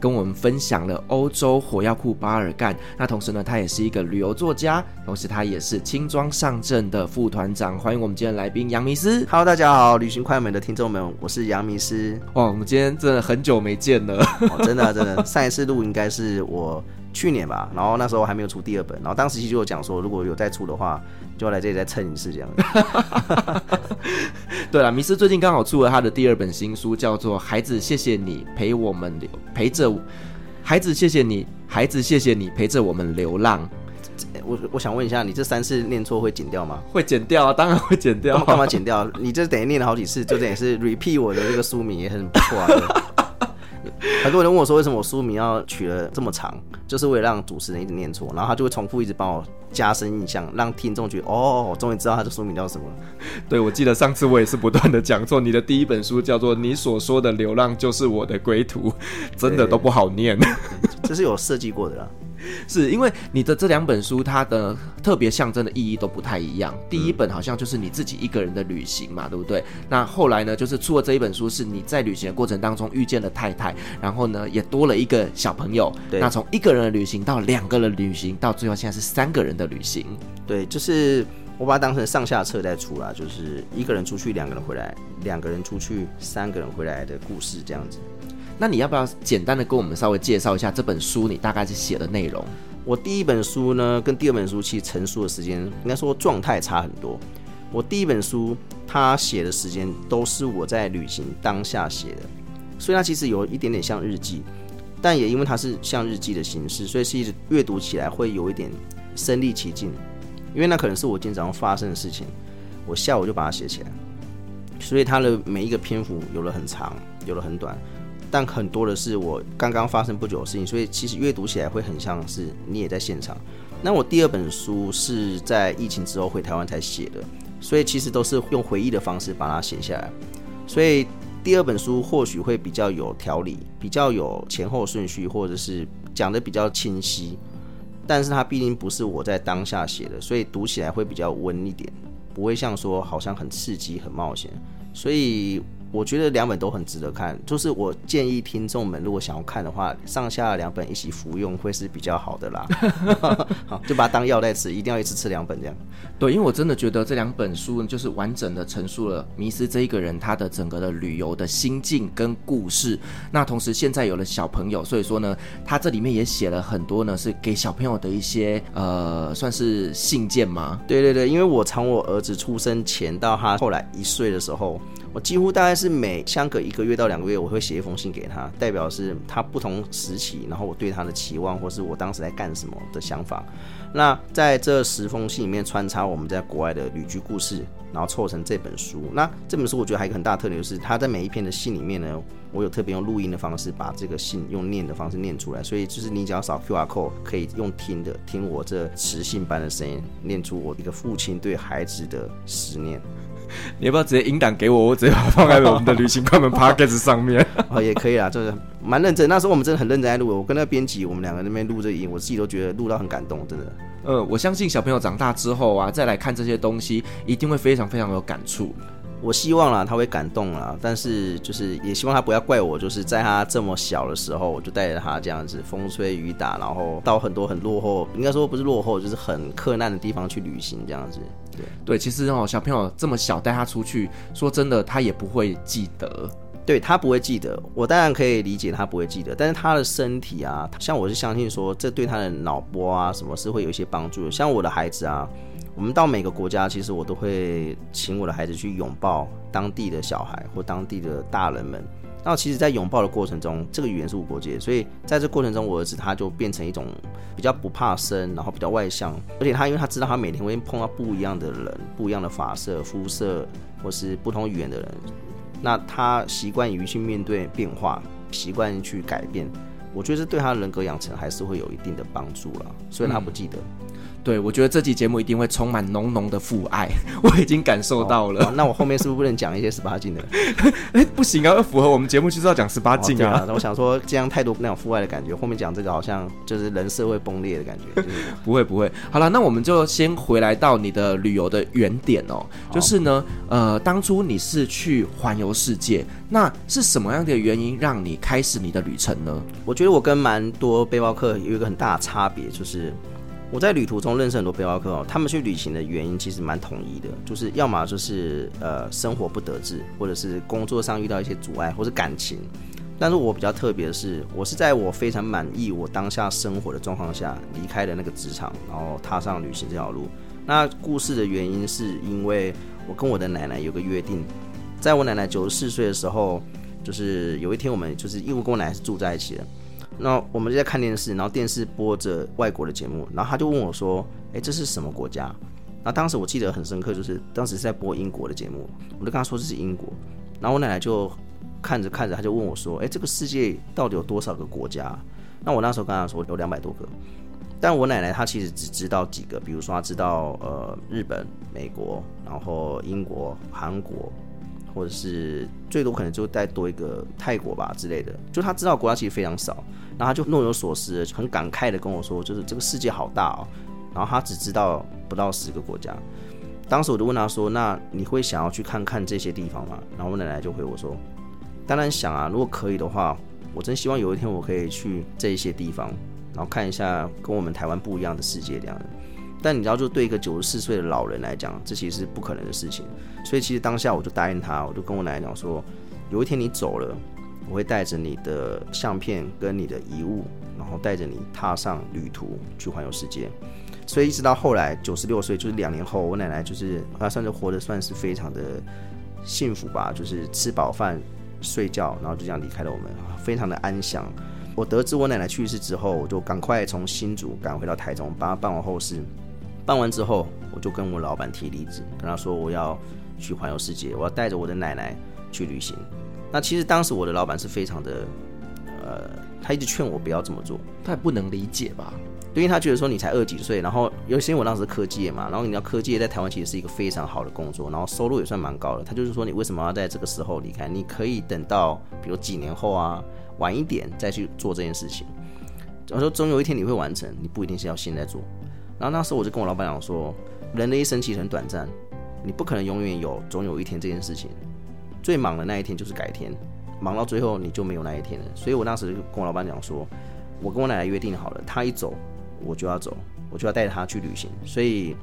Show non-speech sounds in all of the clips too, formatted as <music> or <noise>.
跟我們分享了歐洲火藥庫巴爾幹，那同時呢，他也是一個旅遊作家，同時他也是輕裝上陣的副團長。歡迎我們今天來賓楊迷斯。Hello，大家好，旅行快門的聽眾們，我是楊迷斯。哇、哦，我們今天真的很久沒見了，哦、真的真的，上一次錄應該是我。去年吧，然後那時候還沒有出第二本，然後當時就有講說，如果有再出的話，就來這裡再蹭一次這樣。 <laughs> <laughs> 對了，迷斯最近剛好出了他的第二本新書，叫做《孩子謝謝你陪我們流陪着孩子謝謝你孩子謝謝你陪着我們流浪》。我我想問一下，你這三次念錯會剪掉嗎？會剪掉啊，當然會剪掉啊，幹嘛剪掉啊？ <laughs> 你這等於念了好幾次，就等於是 repeat 我的這個書名也很不錯啊。 <laughs> 很多人問我說：“為什麼我書名要取了這麼長？就是為了讓主持人一直念錯，然後他就會重複一直幫我加深印象，讓聽眾覺得哦，終於知道他的書名叫什麼了。”對，我記得上次我也是不斷的講錯。你的第一本書叫做《你所說的流浪就是我的歸途》，真的都不好念。對，對，這是有設計過的啦。是因為你的這兩本書，它的特別象徵的意義都不太一樣。第一本好像就是你自己一個人的旅行嘛，嗯、對不對？那後來呢，就是出了這一本書，是你在旅行的過程當中遇見了太太，然後呢也多了一個小朋友。對那從一個人的旅行到兩個人的旅行，到最後現在是三個人的旅行。對，就是我把它當成上下冊再出啦，就是一個人出去，兩個人回來，兩個人出去，三個人回來的故事這樣子。那你要不要簡單的跟我們稍微介紹一下這本書？你大概是寫的內容？我第一本書呢，跟第二本書其實成書的時間應該說狀態差很多。我第一本書它寫的時間都是我在旅行當下寫的，所以它其實有一點點像日記，但也因為它是像日記的形式，所以是一直閱讀起來會有一點身歷其境，因為那可能是我今天早上發生的事情，我下午就把它寫起來，所以它的每一個篇幅有的很長，有的很短。但很多的是我剛剛發生不久的事情，所以其實閱讀起來會很像是你也在現場。那我第二本書是在疫情之後回台灣才寫的，所以其實都是用回憶的方式把它寫下來。所以第二本書或許會比較有條理，比較有前後順序，或者是講得比較清晰。但是它畢竟不是我在當下寫的，所以讀起來會比較溫一點，不會像說好像很刺激、很冒險。所以。我覺得兩本都很值得看，就是我建議聽眾們如果想要看的話，上下兩本一起服用會是比較好的啦， <laughs> 好，就把它當藥來吃，一定要一次吃兩本這樣。對，因為我真的覺得這兩本書就是完整的陳述了迷斯這一個人他的整個的旅遊的心境跟故事。那同時現在有了小朋友，所以說呢，他這裡面也寫了很多呢，是給小朋友的一些呃，算是信件嗎？對對對，因為我從我兒子出生前到他後來一歲的時候，我幾乎大概是、嗯。是每相隔一個月到兩個月，我會寫一封信給他，代表是他不同時期，然後我對他的期望，或是我當時在幹什麼的想法。那在這十封信裡面穿插我們在國外的旅居故事，然後湊成這本書。那這本書我覺得還有一個很大的特點，就是它在每一篇的信裡面呢，我有特別用錄音的方式把這個信用念的方式念出來，所以就是你只要掃 QR code，可以用聽的聽我這磁性般的聲音，念出我一個父親對孩子的思念。你要不要直接音檔給我？我直接放在我們的旅行快門 podcast 上面。Oh, <laughs> 哦，也可以啦，就是蠻認真。那時候我們真的很認真在錄，我跟那個編輯，我們兩個那邊錄這音，我自己都覺得錄到很感動，真的。嗯，我相信小朋友長大之後啊，再來看這些東西，一定會非常非常有感觸。我希望啦，他會感動啦，但是就是也希望他不要怪我，就是在他這麼小的時候，我就帶着他這樣子風吹雨打，然後到很多很落後，應該說不是落後，就是很克難的地方去旅行，這樣子。對，其實哦，小朋友這麼小，帶他出去，說真的，他也不會記得，對，他不會記得。我當然可以理解他不會記得，但是他的身體啊，像我是相信說，這對他的腦波啊，什麼是會有一些幫助的。像我的孩子啊，我們到每個國家，其實我都會請我的孩子去擁抱當地的小孩或當地的大人們。那其實，在擁抱的過程中，這個語言是無國界，所以在這過程中，我兒子他就變成一種比較不怕生，然後比較外向，而且他因為他知道他每天會碰到不一樣的人，不一樣的髮色、膚色，或是不同語言的人，那他習慣於去面對變化，習慣去改變，我覺得這對他人格養成還是會有一定的幫助了。雖然他不記得。嗯對，我覺得這期節目一定會充滿濃濃的父愛，我已經感受到了，哦哦。那我後面是不是不能講一些十八禁的， <laughs> 欸？不行啊，要符合我們節目就是要講十八禁啊！哦，啊我想說，這樣太多那種父愛的感覺，後面講這個好像就是人設會崩裂的感覺。就是，不會不會，好了，那我們就先回來到你的旅遊的原點哦，就是呢，哦，呃，當初你是去環遊世界，那是什麼樣的原因讓你開始你的旅程呢？我覺得我跟蠻多背包客有一個很大的差別，就是。我在旅途中認識很多背包客哦，他們去旅行的原因其實蠻統一的，就是要麼就是呃生活不得志，或者是工作上遇到一些阻礙，或是感情。但是我比較特別的是，我是在我非常滿意我當下生活的狀況下離開的那個職場，然後踏上旅行這條路。那故事的原因是因為我跟我的奶奶有個約定，在我奶奶九十四歲的時候，就是有一天我們就是因為跟我奶奶是住在一起的。那我們就在看電視，然後電視播着外國的節目，然後他就問我說：“誒，這是什麼國家？”那當時我記得很深刻，就是當時是在播英國的節目，我就跟他說這是英國。然後我奶奶就看着看着，他就問我說：“誒，這個世界到底有多少個國家？”那我那時候跟他說有兩百多個，但我奶奶她其實只知道幾個，比如說她知道呃日本、美國，然後英國、韓國，或者是最多可能就再多一個泰國吧之類的，就他知道國家其實非常少。然後他就若有所思的，很感慨地跟我說：“就是這個世界好大哦。”然後他只知道不到十個國家。當時我就問他說：“那你會想要去看看這些地方嗎？”然後我奶奶就回我說：“當然想啊，如果可以的話，我真希望有一天我可以去這些地方，然後看一下跟我們台灣不一樣的世界這樣的。”但你知道，就對一個九十四歲的老人來講，這其實是不可能的事情。所以其實當下我就答應他，我就跟我奶奶講說：“有一天你走了。”我會帶着你的相片跟你的遺物，然後帶着你踏上旅途去環遊世界。所以一直到後來九十六歲，就是兩年後，我奶奶就是，她算是活得算是非常的幸福吧，就是吃飽飯睡覺，然後就這樣離開了我們，非常的安詳。我得知我奶奶去世之後，我就趕快從新竹趕回到台中，幫她辦完後事。辦完之後，我就跟我老闆提離職，跟他說我要去環遊世界，我要帶着我的奶奶去旅行。那其實當時我的老闆是非常的，呃，他一直勸我不要這麼做，他也不能理解吧，因為他覺得說，你才二幾歲，然後，因為我當時的科技嘛，然後你知道科技在台灣其實是一個非常好的工作，然後收入也算蠻高的，他就是說，你為什麼要在這個時候離開？你可以等到比如幾年後啊，晚一點再去做這件事情。我說，總有一天你會完成，你不一定是要現在做。然後那時候我就跟我老闆講說，人的一生其實很短暫，你不可能永遠有總有一天這件事情。最忙的那一天就是改天，忙到最後你就沒有那一天了。所以我當時跟我老板講說，我跟我奶奶約定好了，她一走我就要走，我就要帶着她去旅行。所以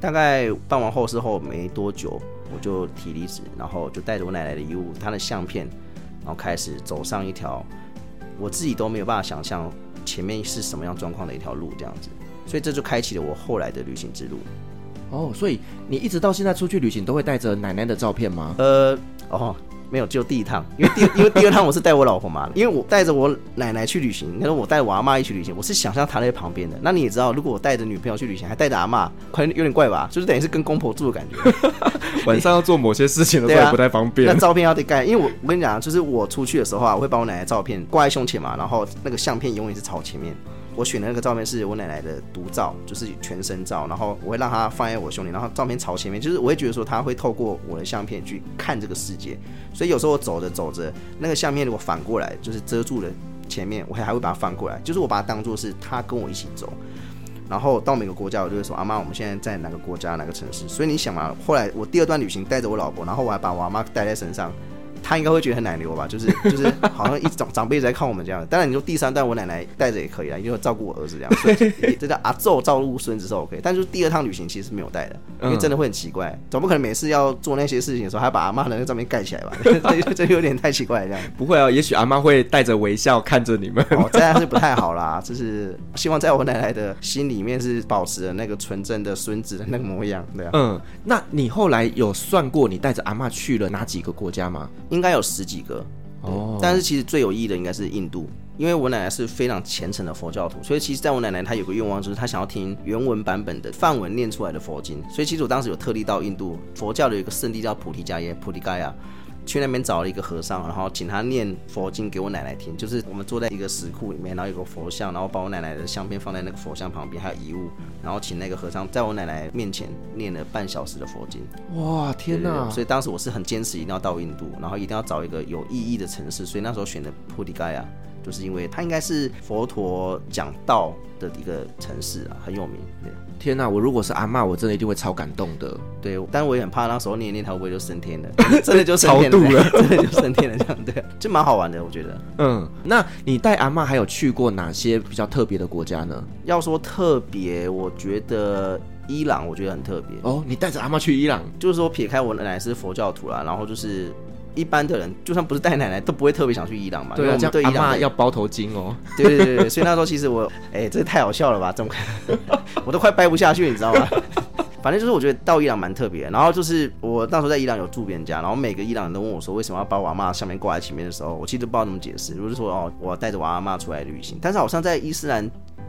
大概辦完後事後沒多久，我就提離職，然後就帶着我奶奶的遺物、她的相片，然後開始走上一條我自己都沒有辦法想象前面是什麼樣狀況的一條路這樣子。所以這就開啟了我後來的旅行之路。哦，所以你一直到現在出去旅行都會帶着奶奶的照片嗎？呃。哦，沒有，就第一趟，因為第因為第二趟我是帶我老婆嘛，因為我帶着我奶奶去旅行，你說我帶我阿嬤一起旅行，我是想象她在旁邊的。那你也知道，如果我帶着女朋友去旅行，還帶着阿嬤，可能有點怪吧，就是等於是跟公婆住的感覺。 <laughs> 晚上要做某些事情的話，不太方便啊。那照片要得蓋，因為我我跟你講，就是我出去的時候啊，我會把我奶奶照片掛在胸前嘛，然後那個相片永遠是朝前面。我選的那個照片是我奶奶的獨照，就是全身照。然後我會讓她放在我胸前，然後照片朝前面，就是我會覺得說她會透過我的相片去看這個世界。所以有時候我走着走着，那個相片如果反過來就是遮住了前面，我還會把它翻過來，就是我把它當做是她跟我一起走。然後到每個國家，我就會說：“阿媽，我們現在在哪個國家，哪個城市？”所以你想嘛、啊，後來我第二段旅行帶着我老婆，然後我還把我阿媽帶在身上。他應該會覺得很奶牛吧，就是就是好像一直長長輩在看我們這樣。當然你說第三趟我奶奶帶着也可以啊，因為照顧我兒子這樣，這叫阿祖照顧孫子是 OK。但是第二趟旅行其實是沒有帶的，嗯、因為真的會很奇怪，總不可能每次要做那些事情的時候還要把阿媽的那個照片蓋起來吧？這、嗯、 <laughs> 有點太奇怪了這樣。不會哦、啊，也許阿媽會帶着微笑看着你們、哦。這樣是不太好啦， <laughs> 就是希望在我奶奶的心裡面是保持那個純真的孫子的那個模樣。對啊、嗯，那你後來有算過你帶着阿媽去了哪幾個國家嗎？應該有十幾個，哦，oh. 但是其實最有意義的應該是印度，因為我奶奶是非常虔誠的佛教徒，所以其實在我奶奶她有個願望，就是她想要聽原文版本的梵文念出來的佛經，所以其實我當時有特地到印度佛教的一個聖地叫菩提迦耶，菩提迦耶。去那邊找了一個和尚，然後請他念佛經給我奶奶聽。就是我們坐在一個石窟裡面，然後有個佛像，然後把我奶奶的相片放在那個佛像旁邊，還有遺物，然後請那個和尚在我奶奶面前念了半小時的佛經。哇，天哪，對對對！所以當時我是很堅持，一定要到印度，然後一定要找一個有意義的城市。所以那時候選的菩提伽耶，就是因為它應該是佛陀講道的一個城市啊，很有名。對天哪，我如果是阿嬤，我真的一定會超感動的。對，但我也很怕，那時候捏捏頭髮就升天了，真的就超度了，真的就升天了。這樣對， <laughs> 就蠻好玩的，我覺得。嗯，那你帶阿嬤還有去過哪些比較特別的國家呢？要說特別，我覺得伊朗，我覺得很特別。哦，你帶着阿嬤去伊朗，就是說撇開我奶奶是佛教徒啦，然後就是。一般的人，就算不是帶奶奶，都不會特別想去伊朗嘛。對啊，這樣阿嬤要包頭巾哦。對對對、對 <laughs> 所以那時候其實我，哎、欸，這太好笑了吧，這種 <laughs> 我都快掰不下去，你知道嗎？ <laughs> 反正就是我覺得到伊朗蠻特別的。然後就是我那時候在伊朗有住別人家，然後每個伊朗人都問我說，為什麼要把我阿媽下面掛在前面的時候，我其實都不知道怎麼解釋，果、就是說哦，我帶着我阿媽出來旅行。但是好像在伊斯蘭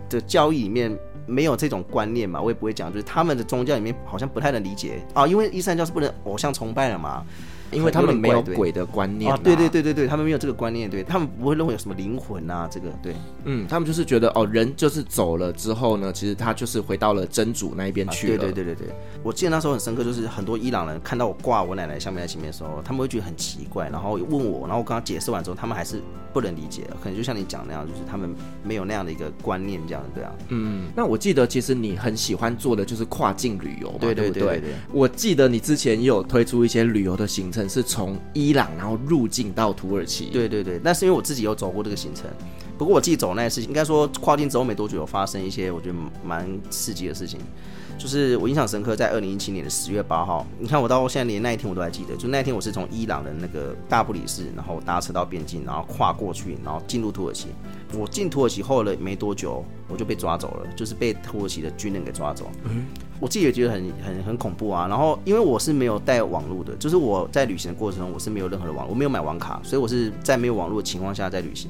的教義裡面沒有這種觀念嘛，我也不會講，就是他們的宗教裡面好像不太能理解啊、哦，因為伊斯蘭教是不能偶像崇拜了嘛。因為他們沒有鬼的觀念啊，對啊，對對對對，他們沒有這個觀念，對他們不會認為有什麼靈魂啊，這個對，嗯，他們就是覺得哦，人就是走了之後呢，其實他就是回到了真主那一邊去了。對、啊、對對對對，我記得那時候很深刻，就是很多伊朗人看到我掛我奶奶相片在前面的時候，他們會覺得很奇怪，然後問我，然後我剛剛解釋完之後，他們還是不能理解，可能就像你講那樣，就是他們沒有那樣的一個觀念，這樣子對啊。嗯，那我記得其實你很喜歡做的就是跨境旅遊嘛，對，對對對，對對對，我記得你之前也有推出一些旅遊的行程。是從伊朗然後入境到土耳其，對對對，那是因為我自己有走過這個行程，不過我自己走那些事情，應該說跨境之後沒多久有發生一些我覺得蠻刺激的事情，就是我印象深刻，在二零一七年的十月八號，你看我到現在連那一天我都還記得，就那一天我是從伊朗的那個大不里士，然後搭車到邊境，然後跨過去，然後進入土耳其。我進土耳其後了沒多久，我就被抓走了，就是被土耳其的軍人給抓走。我自己也覺得很很很恐怖啊。然後因為我是沒有帶網絡的，就是我在旅行的過程中我是沒有任何的網，我沒有買網卡，所以我是在沒有網絡的情況下在旅行。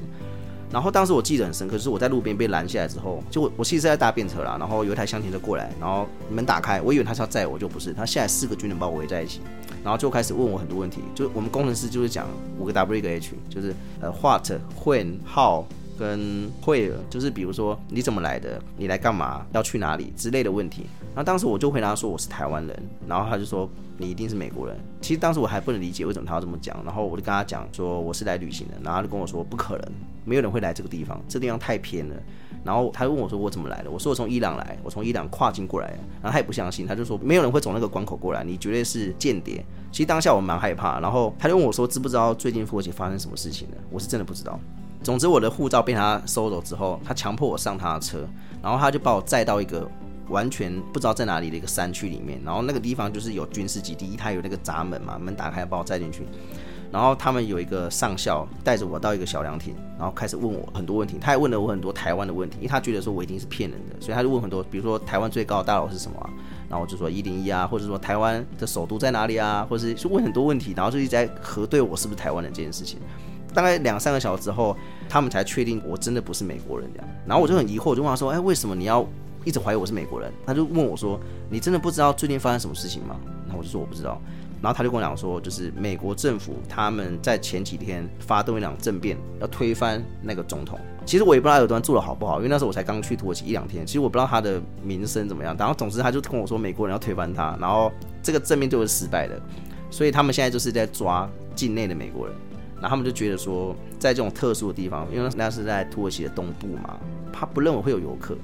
然後當時我記得很深刻，就是我在路邊被攔下來之後就我，就我其實是在搭便車啦。然後有一台廂型車過來，然後門打開，我以為他是要載我，就不是，他下來四個軍人把我圍在一起，然後就開始問我很多問題。就我們工程師就是講五個 W 一個 H，就是呃 What，When，How。跟會就是，比如說你怎麼來的，你來幹嘛，要去哪裡之類的問題。然後當時我就回答說我是台灣人，然後他就說你一定是美國人。其實當時我還不能理解為什麼他要這麼講。然後我就跟他講說我是來旅行的，然後他就跟我說不可能，沒有人會來這個地方，這個地方太偏了。然後他就問我說我怎麼來的，我說我從伊朗來，我從伊朗跨境過來。然後他也不相信，他就說沒有人會從那個關口過來，你絕對是間諜。其實當下我蠻害怕。然後他就問我說知不知道最近父親發生什麼事情了？我是真的不知道。總之，我的護照被他收走之後，他強迫我上他的車，然後他就把我載到一個完全不知道在哪裡的一個山區裡面，然後那個地方就是有軍事基地，他有那個閘門嘛，門打開把我載進去，然後他們有一個上校帶着我到一個小涼亭，然後開始問我很多問題，他還問了我很多台灣的問題，因為他覺得說我一定是騙人的，所以他就問很多，比如說台灣最高的大樓是什麼啊，然後我就說一零一啊，或者說台灣的首都在哪裡啊，或者是就問很多問題，然後就一直在核對我是不是台灣人這件事情。大概兩三個小時之後。他們才確定我真的不是美國人，這樣。然後我就很疑惑，我就問他說：“哎，為什麼你要一直懷疑我是美國人？”他就問我說：“你真的不知道最近發生什麼事情嗎？”然後我就說我不知道。然後他就跟我講說，就是美國政府他們在前幾天發動一場政變，要推翻那個總統。其實我也不知道埃爾多安做的好不好，因為那時候我才剛去土耳其一兩天，其實我不知道他的名聲怎麼樣。然後總之他就跟我說，美國人要推翻他，然後這個政變就是失敗的，所以他們現在就是在抓境內的美國人。然後他們就覺得說，在這種特殊的地方，因為那是在土耳其的東部嘛，他不認為會有遊客，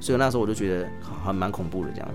所以那時候我就覺得很蠻恐怖的這樣子。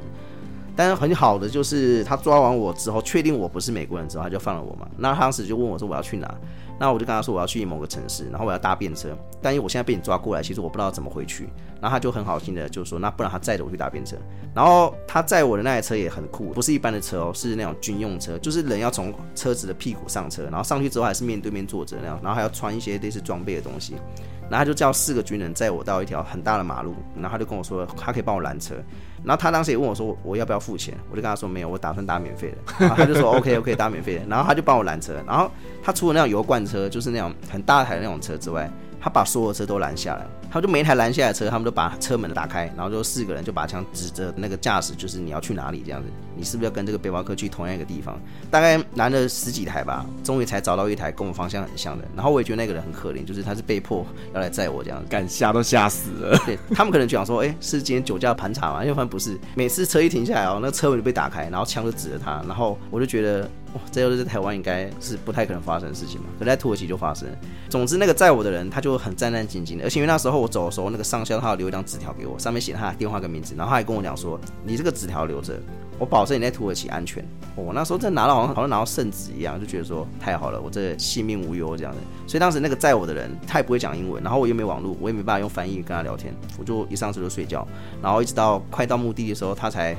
但是很好的就是他抓完我之後，確定我不是美國人之後，他就放了我嘛。那他當時就問我說我要去哪。那我就跟他說我要去某個城市，然後我要搭便車，但因為我現在被你抓過來，其實我不知道怎麼回去。然後他就很好心的就說，那不然他載着我去搭便車。然後他載我的那台車也很酷，不是一般的車哦，是那種軍用車，就是人要從車子的屁股上車，然後上去之後還是面對面坐着那樣，然後還要穿一些類似裝備的東西。然後他就叫四個軍人載我到一條很大的馬路，然後他就跟我說他可以幫我攔車。然後他當時也問我說：“我要不要付錢？”我就跟他說：“沒有，我打算打免費的。”然後他就說：“OK，OK，OK OK 打免費的。”然後他就幫我攔車。然後他除了那種油罐車，就是那種很大台的那種車之外，他把所有車都攔下來。他就每一台攔下來的車，他們都把車門打開，然後就四個人就把槍指着那個駕駛，就是你要去哪裡這樣子。你是不是要跟這個背包客去同樣一個地方？大概攔了十幾台吧，終於才找到一台跟我方向很像的。然後我也覺得那個人很可憐，就是他是被迫要來載我這樣子，敢嚇都嚇死了。對，他們可能就想說，哎，是今天酒駕盤查嗎？因為反正不是。每次車一停下來哦，那車尾就被打開，然後槍就指着他。然後我就覺得，哦，這就是在台灣應該是不太可能發生的事情嘛。可能在土耳其就發生。總之，那個載我的人他就很戰戰兢兢的，而且因為那時候我走的時候，那個上校他留一張紙條給我，上面寫他的電話跟名字，然後他還跟我講說，你這個紙條留着，我保。所以你在土耳其安全？我、哦、那時候真的拿到好像好像拿到聖旨一樣，就覺得說太好了，我這性命無憂這樣的。所以當時那個載我的人，他也不會講英文，然後我又沒網絡，我也沒辦法用翻譯跟他聊天。我就一上車就睡覺，然後一直到快到目的地的時候，他才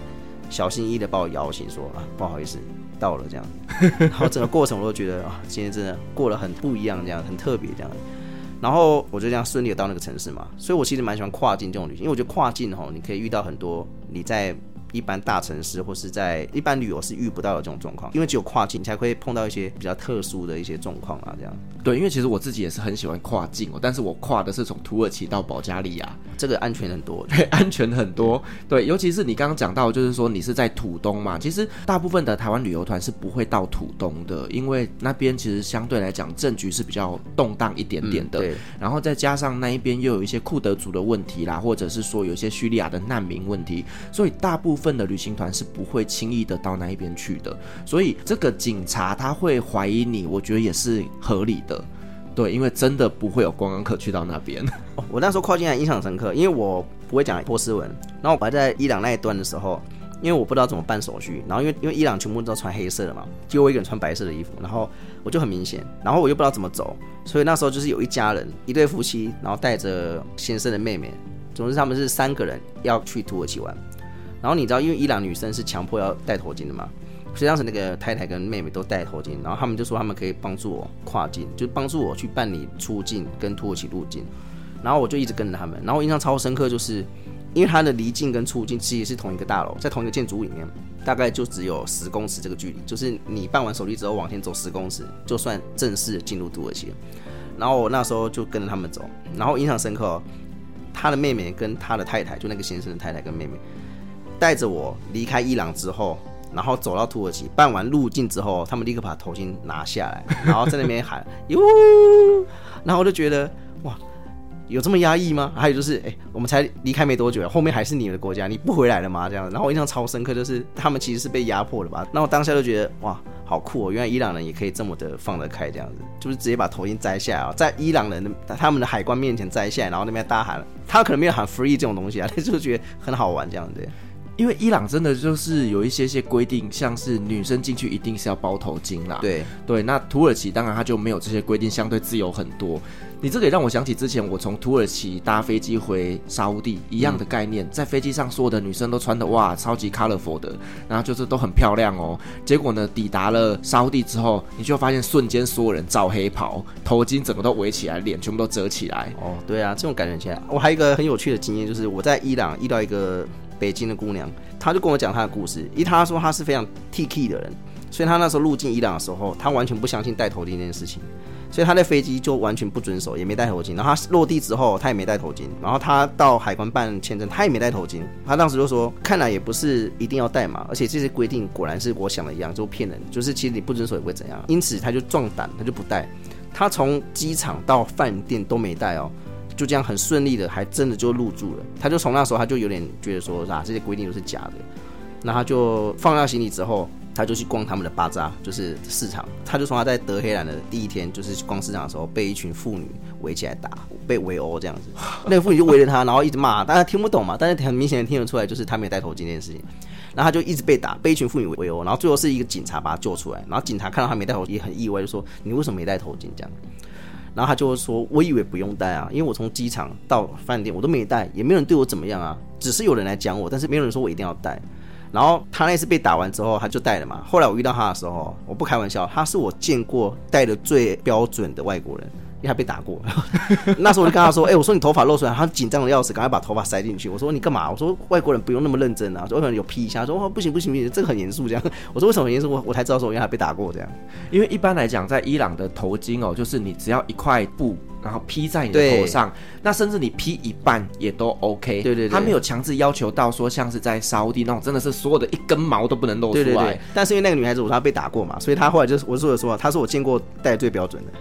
小心翼翼的把我搖醒，說、啊：“不好意思，到了。”這樣。 <laughs> 然後整個過程我都覺得今天真的過了很不一樣，這樣很特別這樣。然後我就這樣順利的到那個城市嘛。所以，我其實蠻喜歡跨境這種旅行，因為我覺得跨境哈、哦，你可以遇到很多你在。一般大城市或是在一般旅遊是遇不到的這種狀況，因為只有跨境，你才會碰到一些比較特殊的一些狀況啊，這樣。對，因為其實我自己也是很喜歡跨境哦，但是我跨的是從土耳其到保加利亞，嗯，這個安全很多，對，安全很多， <laughs> 對，尤其是你剛剛講到，就是說你是在土東嘛，其實大部分的台灣旅遊團是不會到土東的，因為那邊其實相對來講，政局是比較動盪一點點的，嗯，對，然後再加上那一邊又有一些庫德族的問題啦，或者是說有一些敘利亞的難民問題，所以大部。份的旅行團是不會輕易的到那一邊去的，所以這個警察他會懷疑你，我覺得也是合理的。對，因為真的不會有觀光客去到那邊。哦，我那時候跨境還印象深刻，因為我不會講波斯文。然後我還在伊朗那一端的時候，因為我不知道怎麼辦手續，然後因為因為伊朗全部都穿黑色的嘛，就我一個人穿白色的衣服，然後我就很明顯，然後我又不知道怎麼走，所以那時候就是有一家人，一對夫妻，然後帶着先生的妹妹，總之他們是三個人要去土耳其玩。然後你知道，因為伊朗女生是強迫要戴頭巾的嘛，所以當時那個太太跟妹妹都戴頭巾。然後他們就說他們可以幫助我跨境，就幫助我去辦理出境跟土耳其入境。然後我就一直跟着他們。然後印象超深刻，就是因為他的離境跟出境其實是同一個大樓，在同一個建築裡面，大概就只有十公尺這個距離。就是你辦完手續之後往前走十公尺，就算正式進入土耳其。然後我那時候就跟着他們走。然後印象深刻哦，他的妹妹跟他的太太，就那個先生的太太跟妹妹。帶着我離開伊朗之後，然後走到土耳其辦完入境之後，他們立刻把頭巾拿下來，然後在那邊喊喲， <laughs> 然後我就覺得哇，有這麼壓抑嗎？還有就是，哎，我們才離開沒多久了，後面還是你的國家，你不回來了嗎？這樣子。然後我印象超深刻，就是他們其實是被壓迫的吧？那我當下就覺得哇，好酷哦！原來伊朗人也可以這麼的放得開，這樣子，就是直接把頭巾摘下來，哦，在伊朗人的他們的海關面前摘下來，然後那邊大喊，他可能沒有喊 free 這種東西啊，就覺得很好玩這樣子。因為伊朗真的就是有一些些規定，像是女生進去一定是要包頭巾啦，對。對對，那土耳其當然它就沒有這些規定，相對自由很多。你這也讓我想起之前我從土耳其搭飛機回沙烏地一樣的概念，嗯，在飛機上所有的女生都穿的哇，超級 colorful 的，然後就是都很漂亮哦。結果呢，抵達了沙烏地之後，你就發現瞬間所有人罩黑袍，頭巾整個都圍起來，臉全部都遮起來。哦，對啊，這種感覺起來。我還有一個很有趣的經驗，就是我在伊朗遇到一個。北京的姑娘，她就跟我講她的故事，因為她說她是非常鐵齒的人，所以她那時候入境伊朗的時候，她完全不相信戴頭巾這件事情，所以她在飛機就完全不遵守，也沒戴頭巾。然後她落地之後，她也沒戴頭巾。然後她到海關辦簽證，她也沒戴頭巾。她當時就說，看來也不是一定要戴嘛，而且這些規定果然是我想的一樣，就騙人，就是其實你不遵守也不會怎樣。因此，她就壯膽，她就不戴。她從機場到飯店都沒戴哦。就這樣很順利的，還真的就入住了。他就從那時候，他就有點覺得說啥、啊、這些規定都是假的。然後他就放下行李之後，他就去逛他們的巴扎，就是市場。他就從他在德黑蘭的第一天，就是逛市場的時候，被一群婦女圍起來打，被圍毆這樣子。那婦女就圍着他，然後一直罵，大家聽不懂嘛，但是很明顯的聽得出來，就是他沒戴頭巾這件事情。然後他就一直被打，被一群婦女圍毆，然後最後是一個警察把他救出來。然後警察看到他沒戴頭，也很意外，就說你為什麼沒戴頭巾？這樣。然後他就會說：“我以為不用帶啊，因為我從機場到飯店我都沒帶，也沒有人對我怎麼樣啊，只是有人來講我，但是沒有人說我一定要帶。”然後他那次被打完之後，他就帶了嘛。後來我遇到他的時候，我不開玩笑，他是我見過帶的最標準的外國人。因為他被打過， <laughs> <laughs> 那時候我就跟他說：“哎、欸，我說你頭髮露出來。”他緊張的要死，趕快把頭髮塞進去。我說：“你干嘛？”我說：“外國人不用那麼認真啊。”外國人有批一下，他說、哦：“不行不行不行，這個很嚴肅。”這樣，我說：“為什麼很嚴肅？”我我才知道說，我原來被打過這樣， <laughs> 因為一般來講，在伊朗的頭巾哦，就是你只要一塊布。然後披在你的頭上，對那甚至你披一半也都 OK，對對、對他沒有強制要求到說像是在燒地那種，真的是所有的一根毛都不能露出來。對對對，但是因為那個女孩子，我說她被打過嘛，所以她後來就是我所有說，她是我見過戴最標準的。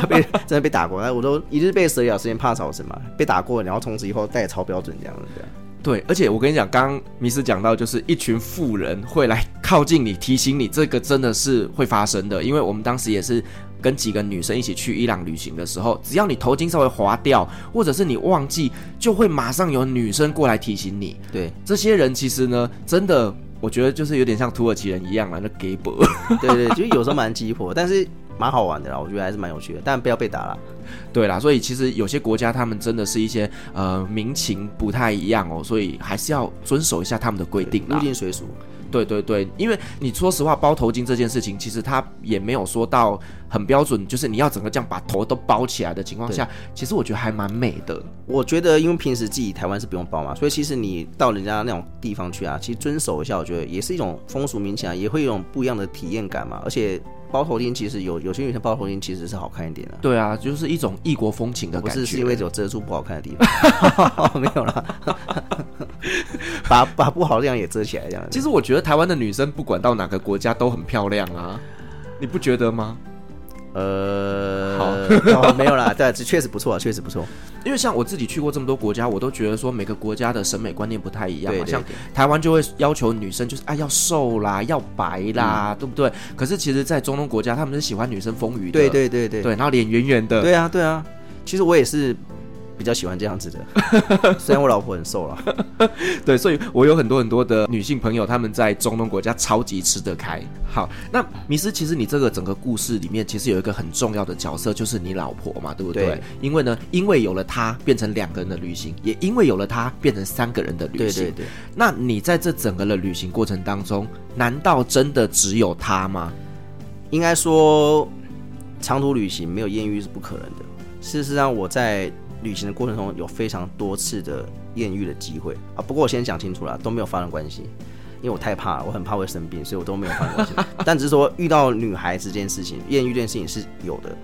<laughs> 她被真的被打過，哎，我都一日被蛇咬，十年怕草繩嘛，被打過，然後從此以後戴超標準這樣子。樣，對，而且我跟你講，剛剛米 s 講到，就是一群富人會來靠近你，提醒你，這個真的是會發生的，因為我們當時也是。跟幾個女生一起去伊朗旅行的時候，只要你頭巾稍微滑掉，或者是你忘記，就會馬上有女生過來提醒你。對，這些人其實呢，真的，我覺得就是有點像土耳其人一樣啦，那給博。對，對對，就是有時候蠻雞婆， <laughs> 但是蠻好玩的啦，我覺得還是蠻有趣的。但不要被打了。對啦，所以其實有些國家他們真的是一些呃民情不太一樣哦，所以還是要遵守一下他們的規定啦。入境隨俗。對對對，因為你說實話，包頭巾這件事情，其實它也沒有說到很標準，就是你要整個這樣把頭都包起來的情況下，對其實我覺得還蠻美的。我覺得因為平時自己台灣是不用包嘛，所以其實你到人家那種地方去啊，其實遵守一下，我覺得也是一種風俗民情啊，嗯、也會有一種不一樣的體驗感嘛。而且包頭巾，其實有有些女生包頭巾其實是好看一點的，啊。對啊，就是一種異國風情的感覺。我不是，是因為只有遮住不好看的地方。 <laughs> <laughs> <laughs> 沒有啦。 <laughs> 把把不好的樣也遮起來這樣。其實我覺得台灣的女生不管到哪個國家都很漂亮啊，你不覺得嗎？呃，好、 <laughs> 哦，沒有啦，對，確實不錯、啊，確實不錯。因為像我自己去過這麼多國家，我都覺得說每個國家的審美觀念不太一樣嘛。對，對，對，像台灣就會要求女生就是哎、啊、要瘦啦，要白啦，嗯、對不對？可是其實，在中東國家他們是喜歡女生豐腴的，對，對對對，對，然後臉圓圓的。對啊，對啊，其實我也是。比較喜歡這樣子的，雖然我老婆很瘦了， <laughs> 對，所以我有很多很多的女性朋友，她們在中東國家超級吃得開。好，那迷斯，其實你這個整個故事裡面，其實有一個很重要的角色，就是你老婆嘛，對不對？對。因為呢，因為有了她，變成兩個人的旅行，也因為有了她，變成三個人的旅行。對對對。那你在這整個的旅行過程當中，難道真的只有她嗎？應該說，長途旅行沒有豔遇是不可能的。事實上，我在。旅行的過程中有非常多次的豔遇的機會啊，不過我先講清楚了，都沒有發生關係，因為我太怕，我很怕會生病，所以我都沒有發生關係。但只是說遇到女孩子這件事情，豔遇這件事情是有的。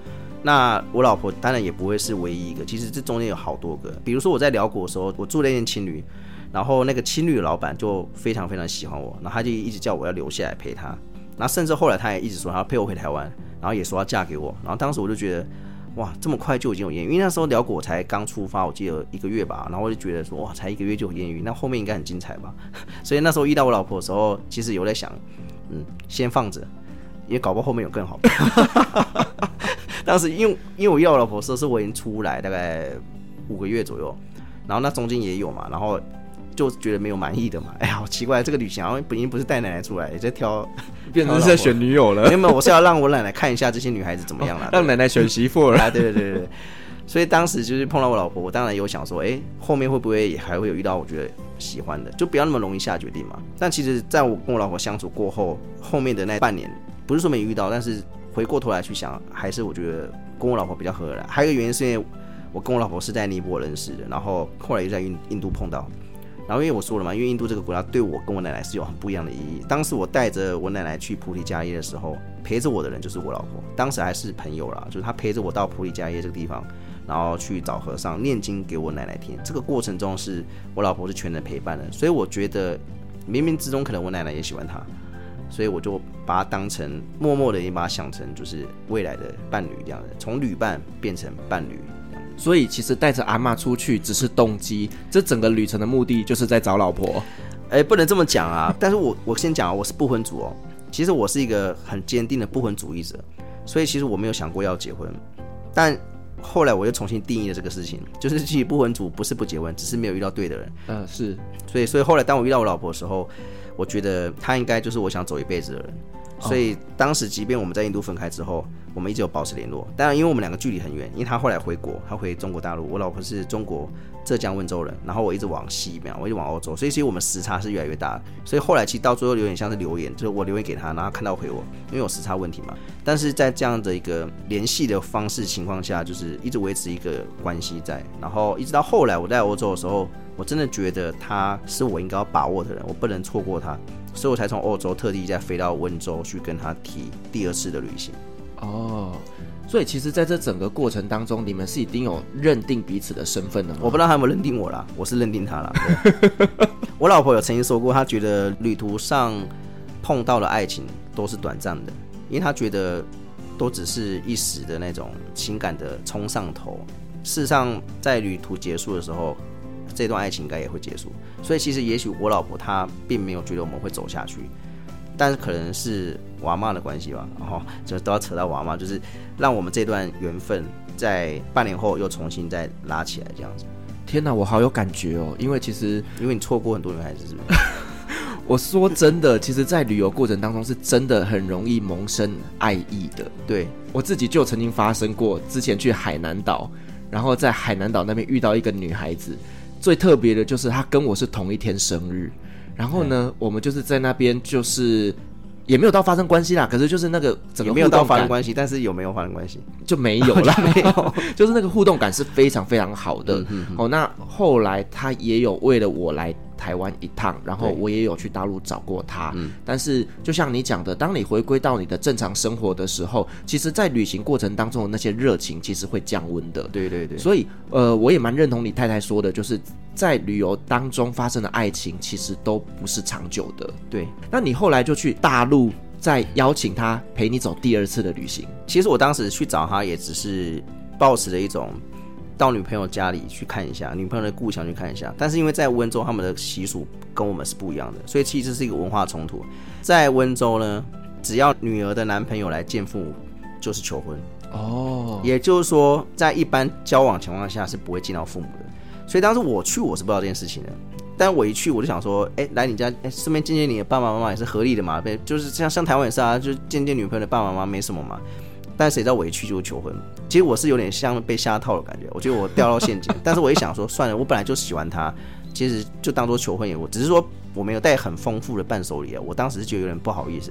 那我老婆當然也不會是唯一一個，其實這中間有好多個。比如說我在寮國的時候，我住了一間青旅，然後那個青旅的老板就非常非常喜歡我，然後他就一直叫我要留下來陪他，那甚至後來他也一直說要陪我回台灣，然後也說要嫁給我，然後當時我就覺得，哇，這麼快就已經有艷遇？因為那時候遼果才剛出發，我記得一個月吧，然後我就覺得說哇，才一個月就有艷遇，那後面應該很精彩吧？所以那時候遇到我老婆的時候，其實有在想，嗯，先放着，因為搞不好後面有更好的。 <laughs> <laughs> 當時因為因為我遇到我老婆的時候是，我已經出來大概五個月左右，然後那中間也有嘛，然後。就覺得沒有滿意的嘛，哎呀，好奇怪！這個旅行啊，本應不，不是帶奶奶出來，也在挑，挑變成是在選女友了。因為我是要讓我奶奶看一下這些女孩子怎麼樣了， <laughs> 對讓奶奶選媳婦了。啊、對對對對， <laughs> 所以當時就是碰到我老婆，我當然也有想說，哎、欸，後面會不會也還會有遇到我覺得喜歡的？就不要那麼容易下決定嘛。但其實，在我跟我老婆相處過後，後面的那半年，不是說沒遇到，但是回過頭來去想，還是我覺得跟我老婆比較合的。還有一個原因是因為我跟我老婆是在尼泊爾認識的，然後後來又在印印度碰到。然後因為我說了嘛，因為印度這個國家對我跟我奶奶是有很不一樣的意義。當時我帶着我奶奶去菩提迦耶的時候，陪着我的人就是我老婆，當時還是朋友啦，就是她陪着我到菩提迦耶這個地方，然後去找和尚念經給我奶奶聽。這個過程中是我老婆是全程陪伴的，所以我覺得冥冥之中可能我奶奶也喜歡她，所以我就把她當成默默的也把她想成就是未來的伴侶這樣的，從旅伴變成伴侶。所以其實帶着阿嬤出去只是動機，這整個旅程的目的就是在找老婆。哎、欸，不能這麼講啊！但是我我先講啊，我是不婚族、哦。其實我是一個很堅定的不婚主義者，所以其實我沒有想過要結婚。但後來我又重新定義了這個事情，就是其實不婚族不是不結婚，只是沒有遇到對的人。嗯、呃，是。所以所以後來當我遇到我老婆的時候，我覺得她應該就是我想走一輩子的人。所以當時，即便我們在印度分開之後，我們一直有保持聯絡。當然，因為我們兩個距離很遠，因為他後來回國，他回中國大陸，我老婆是中國浙江溫州人，然後我一直往西，沒有，我一直往歐洲，所以其實我們時差是越來越大。所以後來其實到最後有點像是留言，就是我留言給他，然後他看到回我，因為有時差問題嘛。但是在這樣的一個聯繫的方式情況下，就是一直維持一個關係在，然後一直到後來我在歐洲的時候，我真的覺得他是我應該要把握的人，我不能錯過他。所以我才從歐洲特地再飛到溫州去跟他提第二次的旅行。哦，所以其實，在這整個過程當中，你們是已經有認定彼此的身份的嗎？我不知道他有沒有認定我啦，我是認定他啦。 <laughs> 我老婆有曾經說過，她覺得旅途上碰到的愛情都是短暫的，因為她覺得都只是一時的那種情感的衝上頭。事實上，在旅途結束的時候，這段愛情應該也會結束，所以其實也許我老婆她並沒有覺得我們會走下去，但是可能是娃娃的關係吧，然後就都要扯到娃娃，就是讓我們這段緣分在半年後又重新再拉起來這樣子。天哪，我好有感覺哦！因為其實因為你錯過很多女孩子是不是？ <laughs> 我說真的，其實，在旅遊過程當中是真的很容易萌生愛意的。對，我自己就曾經發生過，之前去海南島，然後在海南島那邊遇到一個女孩子。最特別的就是他跟我是同一天生日，然後呢，嘿我們就是在那邊就是也沒有到發生關係啦，可是就是那個整個也沒有到發生關係，但是有沒有發生關係就沒有了，哦、沒有，哦、 <laughs> 就是那個互動感是非常非常好的，嗯、哼哼哦，那後來他也有為了我來。台灣一趟，然後我也有去大陸找過他。嗯，但是就像你講的，當你回歸到你的正常生活的時候，其實，在旅行過程當中的那些熱情，其實會降溫的。對對對。所以，呃，我也蠻認同你太太說的，就是在旅遊當中發生的愛情，其實都不是長久的。對。那你後來就去大陸，再邀請他陪你走第二次的旅行。其實我當時去找他也只是抱持著一種。到女朋友家裡去看一下，女朋友的故鄉去看一下，但是因為在溫州他們的習俗跟我們是不一樣的，所以其實是一個文化衝突。在溫州呢，只要女兒的男朋友來見父母就是求婚哦，oh. 也就是說在一般交往情況下是不會見到父母的。所以當時我去，我是不知道這件事情的，但我一去我就想說，哎、欸，來你家，哎、欸，順便見見你的爸爸媽媽也是合理的嘛，對，就是像像台灣也是啊，就見見女朋友的爸爸媽媽沒什麼嘛。但是誰知道我一去就是求婚？其實我是有點像被下套的感覺，我覺得我掉到陷阱。但是我一想說，算了，我本來就喜歡他，其實就當做求婚也，我只是說我沒有帶很豐富的伴手禮啊，我當時就有點不好意思。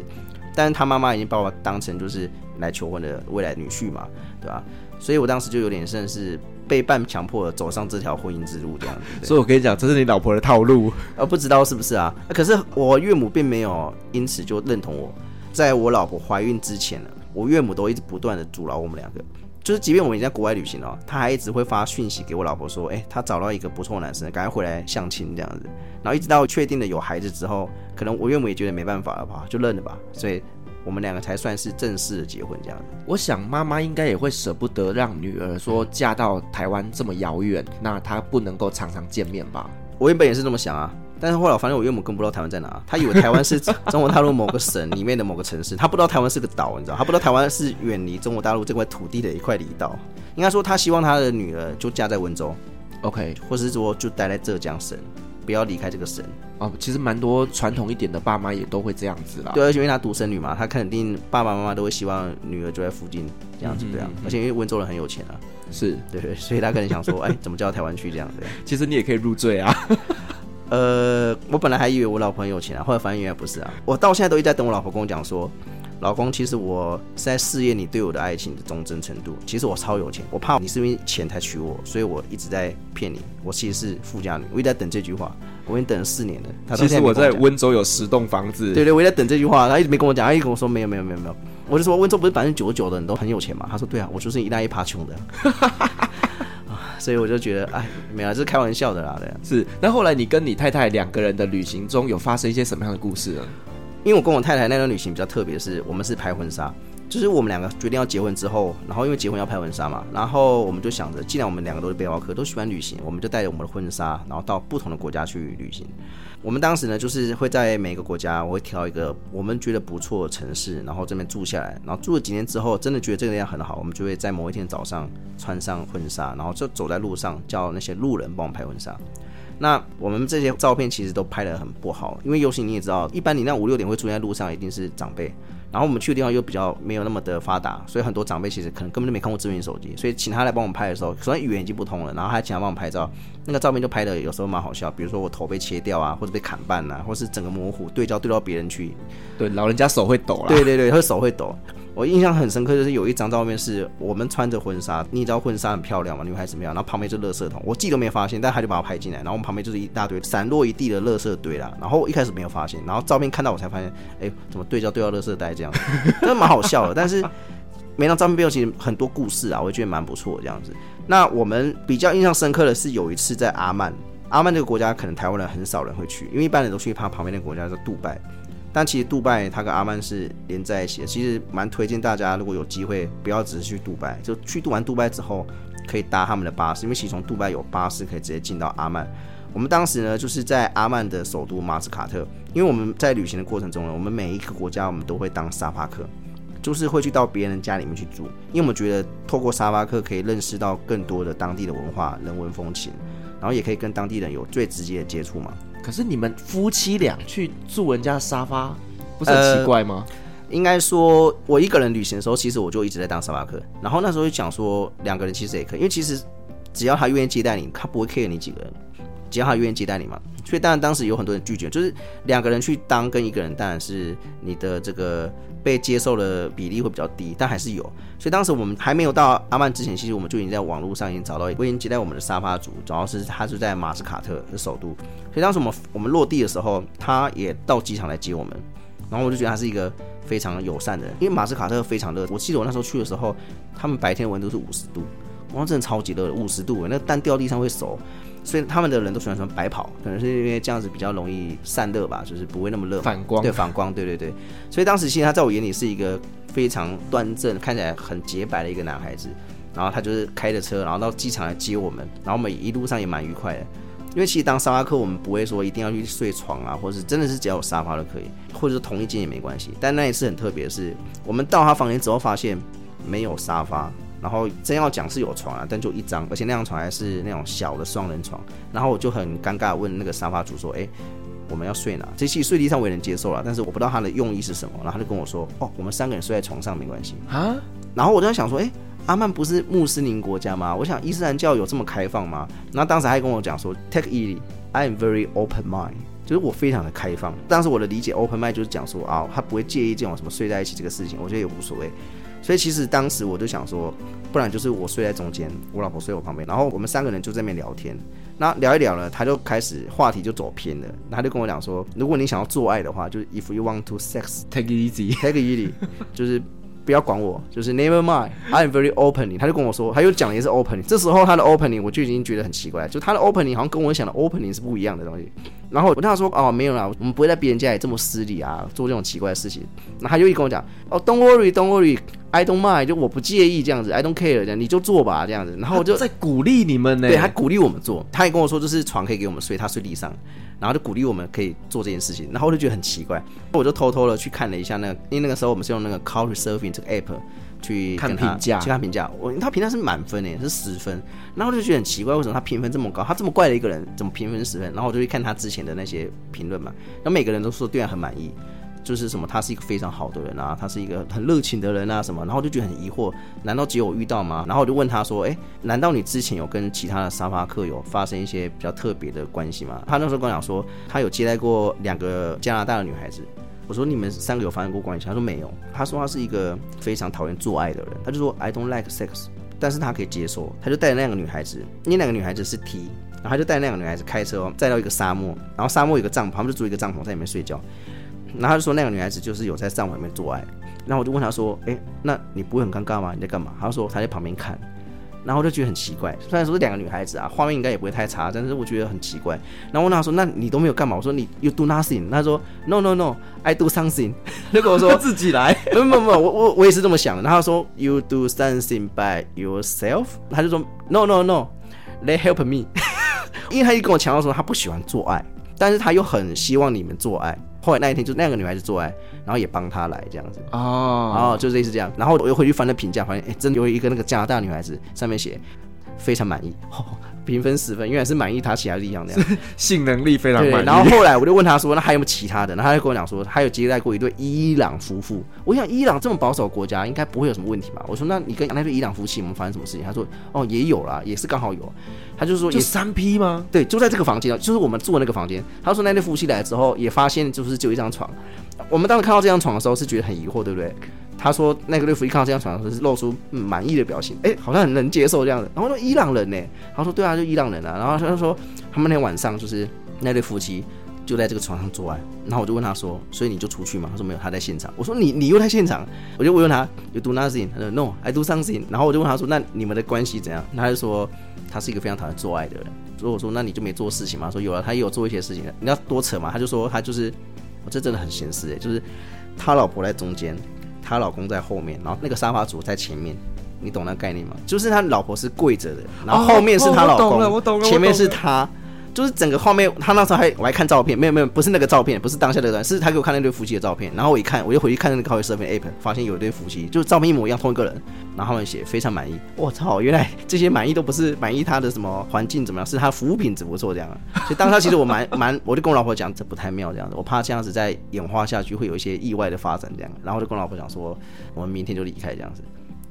但是他媽媽已經把我當成就是來求婚的未來女婿嘛，對吧？所以我當時就有點像是被半強迫走上這條婚姻之路這樣。對對，所以我跟你講，這是你老婆的套路啊，不知道是不是啊？可是我岳母並沒有因此就認同我，在我老婆懷孕之前呢、啊。我岳母都一直不斷地阻撓我們兩個，就是即便我們已經在國外旅行了哦，她還一直會發訊息給我老婆說，哎，她找到一個不錯的男生，趕快回來相親這樣子。然後一直到確定了有孩子之後，可能我岳母也覺得沒辦法了吧，就認了吧。所以我們兩個才算是正式的結婚這樣子。我想媽媽應該也會舍不得讓女兒說嫁到台灣這麼遙遠，那她不能夠常常見面吧？我原本也是這麼想啊。但是後來，我反正我岳母更不知道台灣在哪，啊，他以為台灣是中國大陸某個省裡面的某個城市， <laughs> 他不知道台灣是個島，你知道？他不知道台灣是遠離中國大陸這塊土地的一塊離島。應該說，他希望他的女兒就嫁在溫州，OK，或者是說就待在浙江省，不要離開這個省。哦，其實蠻多傳統一點的爸媽也都會這樣子啦。對，而且因為他獨生女嘛，他肯定爸爸媽媽都會希望女兒就在附近這樣子對，啊，而且因為溫州人很有錢啊，是對對，所以他可能想說，哎、 <laughs> 欸，怎麼嫁到台灣去這樣子？其實你也可以入贅啊。 <laughs> 呃，我本來還以為我老婆很有錢啊，後來發現原來不是啊。我到現在都一直在等我老婆跟我講說，老公，其實我是在試驗你對我的愛情的忠貞程度。其實我超有錢，我怕你是因為錢才娶我，所以我一直在騙你。我其實是富家女，我一直在等這句話，我已經等了四年了。其實我在溫州有十棟房子。對對，我一直在等這句話，他一直沒跟我講，他一直跟我說，跟我說沒有沒有沒有沒有。我就說溫州不是百分之九十九的人都很有錢嗎？他說對啊，我就是一大一趴窮的。 <laughs> 所以我就覺得，哎，沒有、啊，這是開玩笑的啦。啊、是，那後來你跟你太太兩個人的旅行中有發生一些什麼樣的故事呢？因為我跟我太太那段旅行比較特別的是，是我們是拍婚紗。就是我們兩個決定要結婚之後，然後因為結婚要拍婚紗嘛，然後我們就想着，既然我們兩個都是背包客，都喜歡旅行，我們就帶着我們的婚紗，然後到不同的國家去旅行。我們當時呢，就是會在每個國家，我會挑一個我們覺得不錯的城市，然後這邊住下來，然後住了幾年之後，真的覺得這個地方很好，我們就會在某一天早上穿上婚紗，然後就走在路上，叫那些路人幫我們拍婚紗。那我們這些照片其實都拍得很不好，因為尤其你也知道，一般你那五六點會出現在路上，一定是長輩。然後我們去的地方又比較沒有那麼的發達，所以很多長輩其實可能根本就沒看過智能手機，所以請他來幫我們拍的時候，首先語言已經不通了，然後他還請他幫我們拍照，那個照片就拍的有時候蠻好笑，比如說我頭被切掉啊，或者被砍半啊，或者是整個模糊，對焦對到別人去。對，老人家手會抖了。對對對，會手會抖。我印象很深刻，就是有一張照片，是我們穿着婚紗，你知道婚紗很漂亮嘛，女孩怎麼樣？然後旁邊就垃圾桶，我自己都沒有發現，但他就把我拍進來，然後我們旁邊就是一大堆散落一地的垃圾堆啦。然後我一開始沒有發現，然後照片看到我才發現，哎，怎麼對焦對到垃圾袋這樣子，真的蠻好笑的。 <laughs> 但是每張照片背後其實很多故事啊，我覺得蠻不錯這樣子。那我們比較印象深刻的是有一次在阿曼，阿曼這個國家可能台灣人很少人會去，因為一般人都去怕旁邊那個國家叫杜拜。但其實杜拜它跟阿曼是連在一起的，其實蠻推薦大家，如果有機會，不要只是去杜拜，就去度完杜拜之後，可以搭他們的巴士，因為其實從杜拜有巴士可以直接進到阿曼。我們當時呢，就是在阿曼的首都馬斯卡特，因為我們在旅行的過程中呢，我們每一個國家我們都會當沙發客，就是會去到別人家裡面去住，因為我們覺得透過沙發客可以認識到更多的當地的文化、人文風情，然後也可以跟當地人有最直接的接觸嘛。可是你們夫妻倆去住人家的沙發，不是很奇怪嗎？呃，應該說，我一個人旅行的時候，其實我就一直在當沙發客。然後那時候就講說，兩個人其實也可以，因為其實只要他願意接待你，他不會 care 你幾個人，只要他願意接待你嘛。所以當然當時有很多人拒絕，就是兩個人去當跟一個人當然是你的這個。被接受的比例會比較低，但還是有。所以當時我們還沒有到阿曼之前，其實我們就已經在網絡上已經找到已經接待我們的沙發主，主要是他是在馬斯卡特的首都。所以當時我們我們落地的時候，他也到機場來接我們。然後我就覺得他是一個非常友善的人，因為馬斯卡特非常熱。我記得我那時候去的時候，他們白天的溫度是五十度。哇，真的超級熱，五十度，那蛋掉地上會熟。所以他們的人都喜歡穿白袍，可能是因為這樣子比較容易散熱吧，就是不會那麼熱。反光，對反光，對對對。所以當時其實他在我眼裡是一個非常端正、看起來很潔白的一個男孩子。然後他就是開着車，然後到機場來接我們，然後我們一路上也蠻愉快的。因為其實當沙發客，我們不會說一定要去睡床啊，或者是真的是只要有沙發都可以，或者是同一間也沒關係。但那一次很特別的是，我們到他房間之後發現沒有沙發。然後真要講是有床啊，但就一張，而且那張床還是那種小的雙人床。然後我就很尷尬，問那個沙發主說：“哎，我們要睡哪？”這其實睡地上我也能接受啦，但是我不知道他的用意是什麼。然後他就跟我說：“哦，我們三個人睡在床上沒關係啊。蛤”然後我就在想說：“哎，阿曼不是穆斯林國家嗎？我想伊斯蘭教有這麼開放嗎？”然後當時還跟我講說：“Take it, I am very open mind。”就是我非常的開放。當時我的理解，open mind 就是講說啊、哦，他不會介意這種什麼睡在一起這個事情，我覺得也無所謂。所以其實當時我就想說，不然就是我睡在中間，我老婆睡我旁邊，然後我們三個人就在那邊聊天。那聊一聊呢，他就開始話題就走偏了。他就跟我講說，如果你想要做愛的話，就是 if you want to sex，take it easy，take it easy，就是。不要管我，就是 never mind，I am very opening。他就跟我說，他又講的也是 opening。這時候他的 opening 我就已經覺得很奇怪，就他的 opening 好像跟我想的 opening 是不一樣的東西。然後我說，哦，沒有啦，我們不會在別人家裡這麼失禮啊，做這種奇怪的事情。那他就跟我講，哦，don't worry，don't worry，I don't mind，就我不介意這樣子，I don't care，這樣你就做吧這樣子。然後我就在鼓勵你們呢、欸，對，他鼓勵我們做。他也跟我說，就是床可以給我們睡，他睡地上。然後就鼓勵我們可以做這件事情，然後我就覺得很奇怪，我就偷偷的去看了一下那個，因為那個時候我們是用那個 Couchsurfing 這個 app 去看評價，去看評價，我他評價是滿分誒，是十分，然後我就覺得很奇怪，為什麼他評分這麼高？他這麼怪的一個人，怎麼評分十分？然後我就去看他之前的那些評論嘛，然後每個人都說對他很滿意。就是什麼，他是一個非常好的人啊，他是一個很熱情的人啊，什麼，然後就覺得很疑惑，難道只有我遇到嗎？然後我就問他說，哎，難道你之前有跟其他的沙發客有發生一些比較特別的關係嗎？他那時候跟我講說，他有接待過兩個加拿大的女孩子。我說你們三個有發生過關係？他說沒有。他說他是一個非常討厭做愛的人，他就說 I don't like sex，但是他可以接受，他就帶那兩個女孩子，那兩個女孩子是 T，然後他就帶那兩個女孩子開車載到一個沙漠，然後沙漠有個帳篷，旁邊就住一個帳篷，在裡面睡覺。然後他就說那個女孩子，就是有在上網裡面做愛，然後我就問他說：“哎，那你不會很尷尬嗎？你在幹嘛？”他說他在旁邊看，然後我就覺得很奇怪。雖然說，這兩個女孩子啊，畫面應該也不會太差，但是我覺得很奇怪。然後問他說：“那你都沒有幹嘛？”我說：“你 you do nothing。”他說：“No no no，I do something。”就跟我說我自己來。不不不，我我我也是這麼想的。然後他說：“You do something by yourself。”他就說：“No no no，They help me。 <laughs> ”因為他就跟我強調說他不喜歡做愛，但是他又很希望你們做愛。後來那一天，就那個女孩子做愛，然後也幫她來這樣子哦，oh. 然後就類似這樣，然後我又回去翻了評價，發現哎，真的有一個那個加拿大女孩子上面寫非常滿意。Oh. 評分十分，因為是滿意他其他力量的，性能力非常滿意，對對。然後後來我就問他說：“那還有沒有其他的？”然後他就跟我講說：“還有接待過一對伊朗夫婦。”我想伊朗這麼保守的國家，應該不會有什麼問題吧？我說：“那你跟那對伊朗夫妻，我們發生什麼事情？”他說：“哦，也有啦，也是剛好有啊。”他就說：“就 3P 嗎？”對，就在這個房間，就是我們住的那個房間。他說：“那對夫妻來之後，也發現就是就一張床。”我們當時看到這張床的時候，是覺得很疑惑，對不對？他說：“那個對夫妻看到這張床時，露出滿意的表情。哎、欸，好像很能接受這樣的。”然後說：“伊朗人呢、欸？”他說：“對啊，就伊朗人啊。”然後他就說：“他們那天晚上就是那對夫妻就在這個床上做愛。”然後我就問他說：“所以你就出去嗎？”他說：“沒有，他在現場。”我說：“你，你你又在現場？”我就問問他：“You do nothing？” 他說：“No, I do something。”然後我就問他說：“那你們的關係怎樣？”他就說：“他是一個非常討厭做愛的人。”所以我說：“那你就沒做事情嘛，說：“有了、啊，他也有做一些事情。”你要多扯嘛？他就說：“他就是……我這真的很閒事哎，就是他老婆在中間。”她老公在後面，然後那個沙發主在前面，你懂那個概念嗎？就是他老婆是跪着的，然後後面是她老公，我懂了，我懂了，前面是她。就是整個畫面，他那時候還我還看照片，沒有沒有，不是那個照片，不是當下的、那、人、個，是他給我看那對夫妻的照片。然後我一看，我又回去看那個 Couchsurfing app，發現有一對夫妻，就是照片一模一樣，同一個人。然後他們寫非常滿意。我操，原來這些滿意都不是滿意他的什麼環境怎麼樣，是他的服務品質不錯這樣。所以當時其實我蠻 <laughs> 蠻，我就跟我老婆講，這不太妙這樣子，我怕這樣子再演化下去會有一些意外的發展這樣。然後就跟我老婆講說，我們明天就離開這樣子。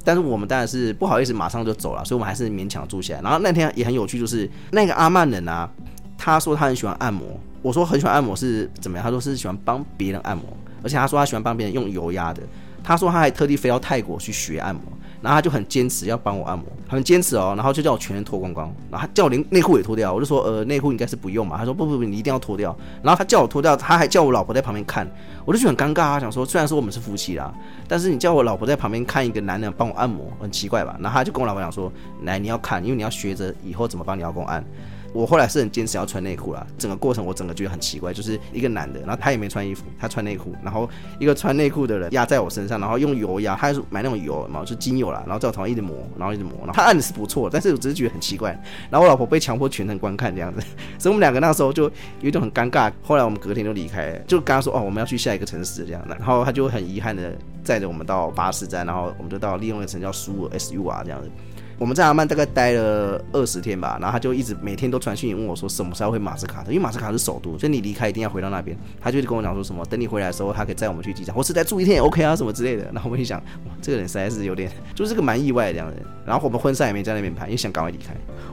但是我們當然是不好意思馬上就走了，所以我們還是勉強住下來。然後那天也很有趣，就是那個阿曼人啊，他說他很喜歡按摩。我說，很喜歡按摩是怎麼樣？他說是喜歡幫別人按摩，而且他說他喜歡幫別人用油壓的。他說他還特地飛到泰國去學按摩。然後他就很堅持要幫我按摩，很堅持哦，然後就叫我全身脫光光，然後他叫我連內褲也脫掉，我就說呃內褲應該是不用嘛，他說不不不，你一定要脫掉，然後他叫我脫掉，他還叫我老婆在旁邊看，我就覺得很尷尬啊，他想說雖然說我們是夫妻啦，但是你叫我老婆在旁邊看一個男人幫我按摩，很奇怪吧？然後他就跟我老婆講說，來，你要看，因為你要學着以後怎麼幫你老公按。我後來是很堅持要穿內褲啦，整個過程我整個覺得很奇怪，就是一個男的，然後他也沒穿衣服，他穿內褲，然後一個穿內褲的人壓在我身上，然後用油壓，他是買那種油嘛，然後就精油啦，然後在我頭上一直抹，然後一直抹，然後他按的是不錯，但是我只是覺得很奇怪，然後我老婆被強迫全程觀看這樣子，所以我們兩個那時候就有一種很尷尬，後來我們隔天就離開，就跟他說哦我們要去下一個城市這樣的，然後他就很遺憾的載着我們到巴士站，然後我們就到另外一個城叫蘇爾 S U R 這樣子。我們在阿曼大概待了二十天吧，然後他就一直每天都傳訊息問我，說什麼時候回馬斯卡的，因為馬斯卡是首都，所以你離開一定要回到那邊。他就跟我講說，什麼等你回來的時候，他可以載我們去機場，或是再住一天也 OK 啊，什麼之類的。然後我就想，哇，這個人實在是有點，就是個蠻意外的兩個人。然後我們婚紗也沒在那邊拍，因為想趕快離開。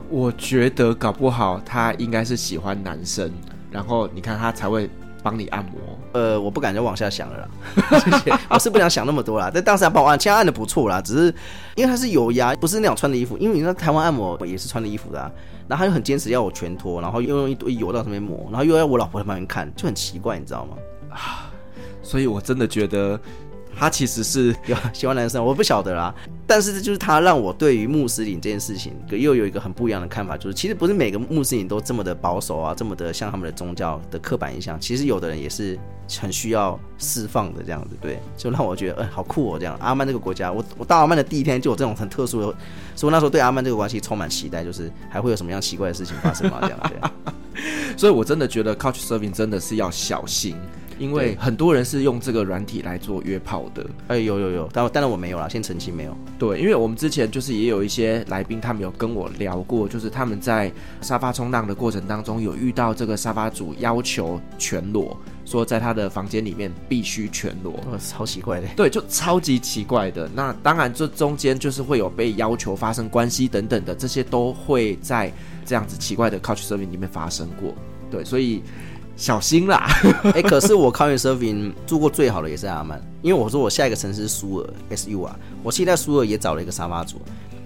我覺得搞不好他應該是喜歡男生，然後你看他才會幫你按摩。呃，我不敢再往下想了啦， <laughs> 我是不想想那麼多啦。 <laughs> 但當時報案，現在按的不錯啦，只是因為他是油壓，不是那種穿的衣服，因為你說台灣按摩也是穿的衣服的啊，然後他又很堅持要我全脫，然後又用一堆油到上面抹，然後又要我老婆在旁邊看，就很奇怪，你知道嗎？啊，所以我真的覺得。他其實是有喜歡男生，我不曉得啦、啊。但是就是他讓我對於穆斯林這件事情又有一個很不一樣的看法，就是其實不是每個穆斯林都這麼的保守啊，這麼的像他們的宗教的刻板印象。其實有的人也是很需要釋放的這樣子，對。就讓我覺得，嗯、欸，好酷哦、喔，這樣。阿曼這個國家，我我到阿曼的第一天就有這種很特殊的，所以我那時候對阿曼這個關係充滿期待，就是還會有什麼樣奇怪的事情發生啊， <laughs> 這樣。對。所以，我真的覺得 couchsurfing 真的是要小心。因為很多人是用這個軟體來做約炮的，哎，有有有，但但我沒有啦，先澄清沒有。對，因為我們之前就是也有一些來賓，他們有跟我聊過，就是他們在沙發衝浪的過程當中，有遇到這個沙發主要求全裸，說在他的房間裡面必須全裸，呃、哦，超奇怪的，對，就超級奇怪的。 <laughs> 那當然，這中間就是會有被要求發生關係等等的，這些都會在這樣子奇怪的 couch surfing 裡面發生過，對，所以。小心啦！哎、 <laughs> 欸，可是我 couchsurfing 住過最好的也是阿曼，因為我說我下一個城市蘇爾 S U R，我現在蘇爾也找了一個沙發主。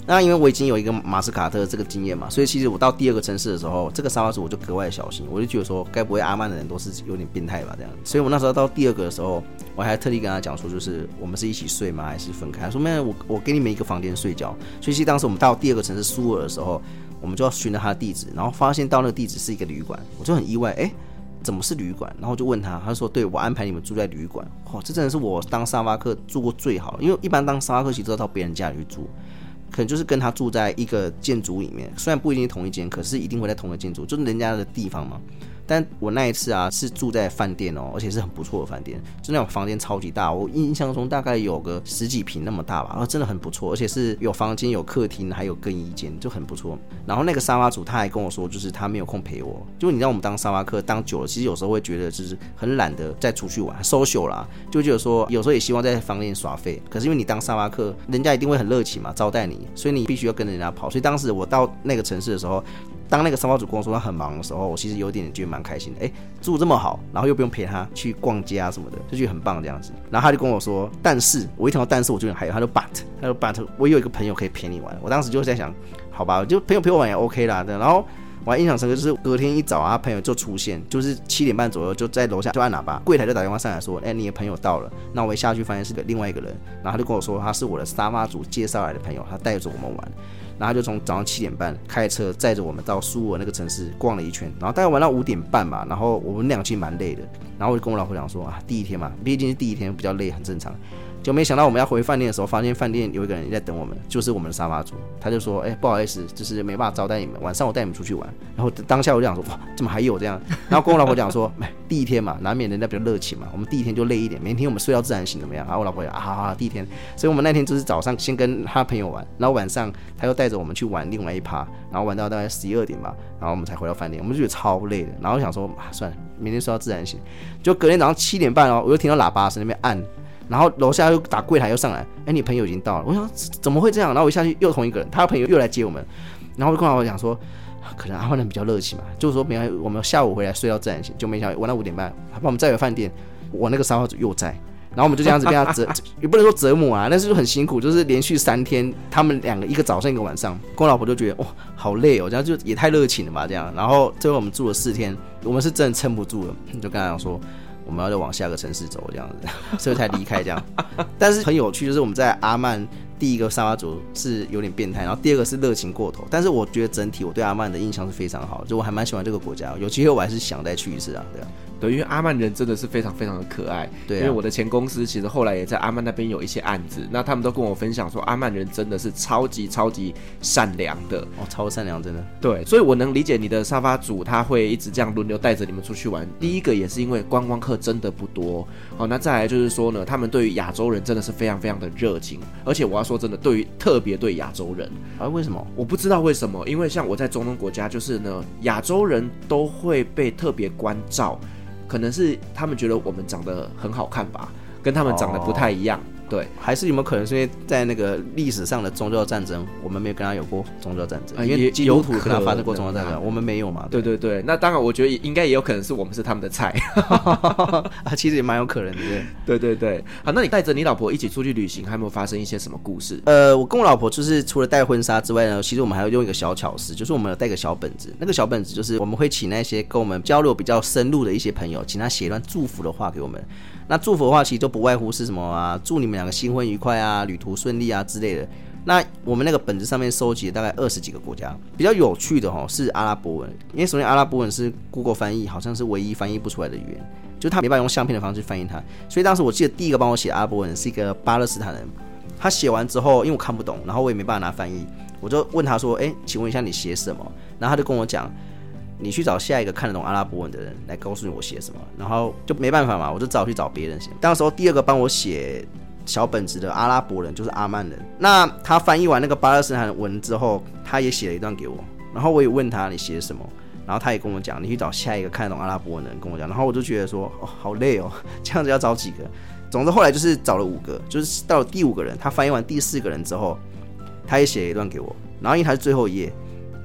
那因為我已經有一個馬斯卡特這個經驗嘛，所以其實我到第二個城市的時候，這個沙發主我就格外小心，我就覺得說，該不會阿曼的人都是有點變態吧？這樣，所以我那時候到第二個的時候，我還特地跟他講說，就是我們是一起睡嗎？還是分開？說沒有，我我給你們一個房間睡覺。所以其實當時我們到第二個城市蘇爾的時候，我們就要尋找他的地址，然後發現到那個地址是一個旅館，我就很意外，哎、欸。怎麼是旅館？然後就問他，他說：“對，我安排你們住在旅館。哦，這真的是我當沙發客住過最好，因為一般當沙發客其實都要到別人家裡去住，可能就是跟他住在一個建築裡面，雖然不一定是同一間，可是一定會在同一個建築，就是人家的地方嘛。”但我那一次啊，是住在飯店哦、喔，而且是很不錯的飯店，就那種房間超級大，我印象中大概有個十幾坪那麼大吧，然後真的很不錯，而且是有房間、有客廳、還有更衣間，就很不錯。然後那個沙發主他還跟我說，就是他沒有空陪我，就你讓我們當沙發客當久了，其實有時候會覺得就是很懶得再出去玩，social 啦，就覺得說有時候也希望在房間耍廢。可是因為你當沙發客，人家一定會很熱情嘛，招待你，所以你必須要跟着人家跑。所以當時我到那個城市的時候。當那個沙發主跟我說他很忙的時候，我其實有一點點覺得蠻開心的。哎、欸，住這麼好，然後又不用陪他去逛街啊什麼的，就覺得很棒這樣子。然後他就跟我說，但是我一聽到但是，我就很害怕有。他說 but，他說 but，我有一個朋友可以陪你玩。我當時就在想，好吧，就朋友陪我玩也 OK 啦。然後我還印象深刻就是隔天一早啊，朋友就出現，就是七點半左右就在樓下就按喇叭，櫃檯就打電話上來說，哎、欸，你的朋友到了。那我一下去發現是個另外一個人，然後他就跟我說，他是我的沙發主介紹來的朋友，他帶着我們玩。然後就從早上七點半開車載着我們到蘇爾那個城市逛了一圈，然後大概玩到五點半吧。然後我們兩其實蠻累的，然後我就跟我老婆講說，啊，第一天嘛，畢竟是第一天，比較累，很正常。就沒想到我們要回飯店的時候，發現飯店有一個人在等我們，就是我們的沙發主，他就說：“哎、欸，不好意思，就是沒辦法招待你們，晚上我帶你們出去玩。”然後當下我就想說：“哇，怎麼還有這樣？”然後跟我老婆講說：“哎， <laughs> 第一天嘛，難免人家比較熱情嘛，我們第一天就累一點，明天我們睡到自然醒怎麼樣？”然後我老婆說：“啊，第一天。”所以我們那天就是早上先跟他朋友玩，然後晚上他又帶着我們去玩另外一趴，然後玩到大概十一二點吧，然後我們才回到飯店，我們就覺得超累的。然後我想說、啊：“算了，明天睡到自然醒。”就隔天早上七點半哦，我又聽到喇叭聲那邊按。然後樓下又打櫃檯又上來，哎，你朋友已經到了。我想怎麼會這樣？然後我下去又同一個人，他的朋友又來接我們。然後我跟我老婆講說，可能阿曼人比較熱情嘛，就是說每天我們下午回來睡到自然醒，就沒想玩到五點半。他幫我們再回飯店，我那個沙發子又在。然後我們就這樣子被他折， <laughs> 也不能說折磨啊，但是就很辛苦，就是連續三天，他們兩個一個早上一個晚上，跟我老婆就覺得哇、哦、好累哦，這樣就也太熱情了嘛這樣。然後最後我們住了四天，我們是真的撐不住了，就跟他講說。我們要再往下個城市走，這樣子，所以才離開這樣。 <laughs> 但是很有趣，就是我們在阿曼第一個沙發主是有點變態，然後第二個是熱情過頭。但是我覺得整體我對阿曼的印象是非常好，就我還蠻喜歡這個國家，有機會我還是想再去一次啊，對啊。對，因為阿曼人真的是非常非常的可愛。對、啊，因為我的前公司其實後來也在阿曼那邊有一些案子，那他們都跟我分享說，阿曼人真的是超級超級善良的哦，超善良，真的。對，所以我能理解你的沙發主他會一直這樣輪流帶着你們出去玩。嗯、第一個也是因為觀光客真的不多，好，那再來就是說呢，他們對於亞洲人真的是非常非常的熱情，而且我要說真的，對於，特別對亞洲人啊，為什麼？我不知道為什麼，因為像我在中東國家，就是呢，亞洲人都會被特別關照。可能是他們覺得我們長得很好看吧，跟他們長得不太一樣。Oh. 對，還是有沒有可能是因為，在那個歷史上的宗教戰爭，我們沒有跟他有過宗教戰爭，因為基督也有土跟他發生過宗教戰爭，我們沒有嘛？對對，對對，那當然，我覺得也應該也有可能是我們是他們的菜， <laughs> <laughs> 啊，其實也蠻有可能的， <laughs> 對對對。好，那你帶着你老婆一起出去旅行，有沒有發生一些什麼故事？呃，我跟我老婆就是除了帶婚紗之外呢，其實我們還要用一個小巧思，就是我們有帶個小本子，那個小本子就是我們會請那些跟我們交流比較深入的一些朋友，請他寫一段祝福的話給我們。那祝福的話，其實都不外乎是什麼啊，祝你們兩個新婚愉快啊，旅途順利啊之類的。那我們那個本子上面收集了大概二十幾個國家，比較有趣的哦是阿拉伯文，因為首先阿拉伯文是 Google 翻譯，好像是唯一翻譯不出來的語言，就他沒辦法用相片的方式去翻譯它。所以當時我記得第一個幫我寫阿拉伯文是一個巴勒斯坦人，他寫完之後，因為我看不懂，然後我也沒辦法拿翻譯，我就問他說：“誒，請問一下你寫什麼？”然後他就跟我講。你去找下一個看得懂阿拉伯文的人來告訴你我寫什麼，然後就沒辦法嘛，我就找去找別人寫。當時候第二個幫我寫小本子的阿拉伯人就是阿曼人，那他翻譯完那個巴勒斯坦文之後，他也寫了一段給我，然後我也問他你寫什麼，然後他也跟我講，你去找下一個看得懂阿拉伯文的人跟我講，然後我就覺得說哦好累哦，這樣子要找幾個，總之後來就是找了五個，就是到了第五個人他翻譯完第四個人之後，他也寫了一段給我，然後因為他是最後一頁。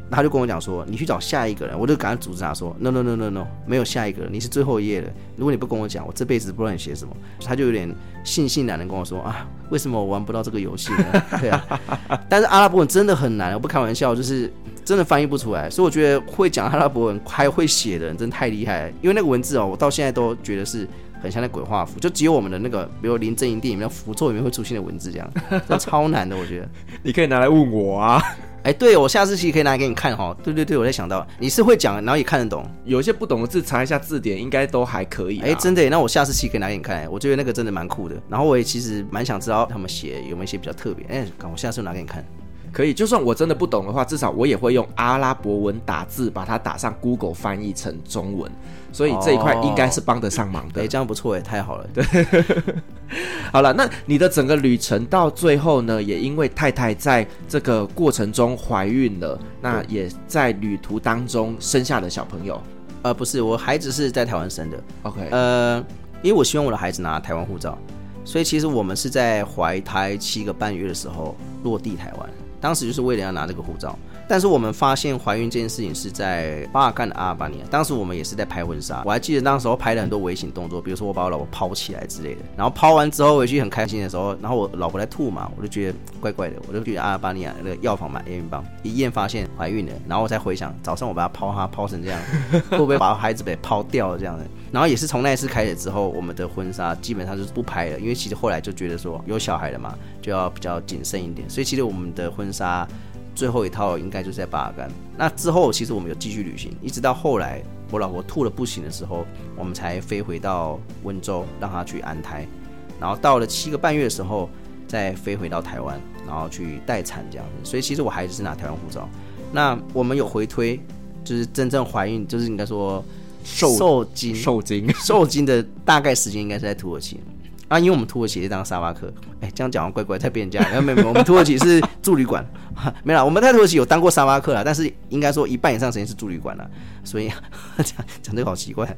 他就跟我講說，你去找下一個人，我就趕緊阻止他說 no，no no no no no，沒有下一個人，你是最後一頁的。如果你不跟我講，我這輩子不知道你寫什麼。他就有點悻悻然的跟我說啊，為什麼我玩不到這個遊戲呢？對啊， <laughs> 但是阿拉伯文真的很難，我不開玩笑，就是真的翻譯不出來。所以我覺得會講阿拉伯文還會寫的人，真的太厲害。因為那個文字哦、喔，我到現在都覺得是很像那鬼畫符，就只有我們的那個，比如林正英電影裡面符咒裡面會出現的文字這樣，那超難的，我覺得。 <laughs> 你可以拿來問我啊。哎，欸、對，我下次期可以拿給你看哈、哦。對對對，我在想到你是會講，然後也看得懂，有一些不懂的字查一下字典，應該都還可以。哎，欸、真的、欸，那我下次期可以拿給你看、欸。我覺得那個真的蠻酷的，然後我也其實蠻想知道他們寫有沒有一些比較特別。哎、欸，我下次我拿給你看。可以，就算我真的不懂的話，至少我也會用阿拉伯文打字，把它打上 Google 翻譯成中文。所以這一塊應該是幫得上忙的。對、哦，這樣不錯，也太好了。對， <laughs> 好了，那你的整個旅程到最後呢，也因為太太在這個過程中懷孕了，那也在旅途當中生下了小朋友，呃，不是，我孩子是在台灣生的。OK，呃，因為我希望我的孩子拿台灣護照，所以其實我們是在懷胎七個半月的時候落地台灣。當時就是為了要拿這個護照。但是我們發現懷孕這件事情是在巴爾幹的阿爾巴尼亞，當時我們也是在拍婚紗，我還記得當時候拍了很多危險動作，比如說我把我老婆拋起來之類的，然後拋完之後回去很開心的時候，然後我老婆在吐嘛，我就覺得怪怪的，我就去阿爾巴尼亞那個藥房買驗孕棒，一驗發現懷孕了，然後我才回想早上我把她拋她拋成這樣，會不會把孩子給拋掉了這樣的，然後也是從那一次開始之後，我們的婚紗基本上就是不拍了，因為其實後來就覺得說有小孩了嘛，就要比較謹慎一點，所以其實我們的婚紗。最後一套應該就是在巴爾幹，那之後其實我們有繼續旅行，一直到後來我老婆吐的不行的時候，我們才飛回到溫州讓她去安胎，然後到了七個半月的時候再飛回到台灣，然後去待產這樣子。所以其實我孩子是拿台灣護照。那我們有回推，就是真正懷孕，就是應該說受受精受精受精的大概時間應該是在土耳其。啊，因為我們土耳其是當沙發客，哎、欸，這樣講完怪怪，太變人家了。啊，沒有沒有，我們土耳其是住旅館。啊，沒了，我們在土耳其有當過沙發客了，但是應該說一半以上時間是住旅館了，所以講講這個好奇怪。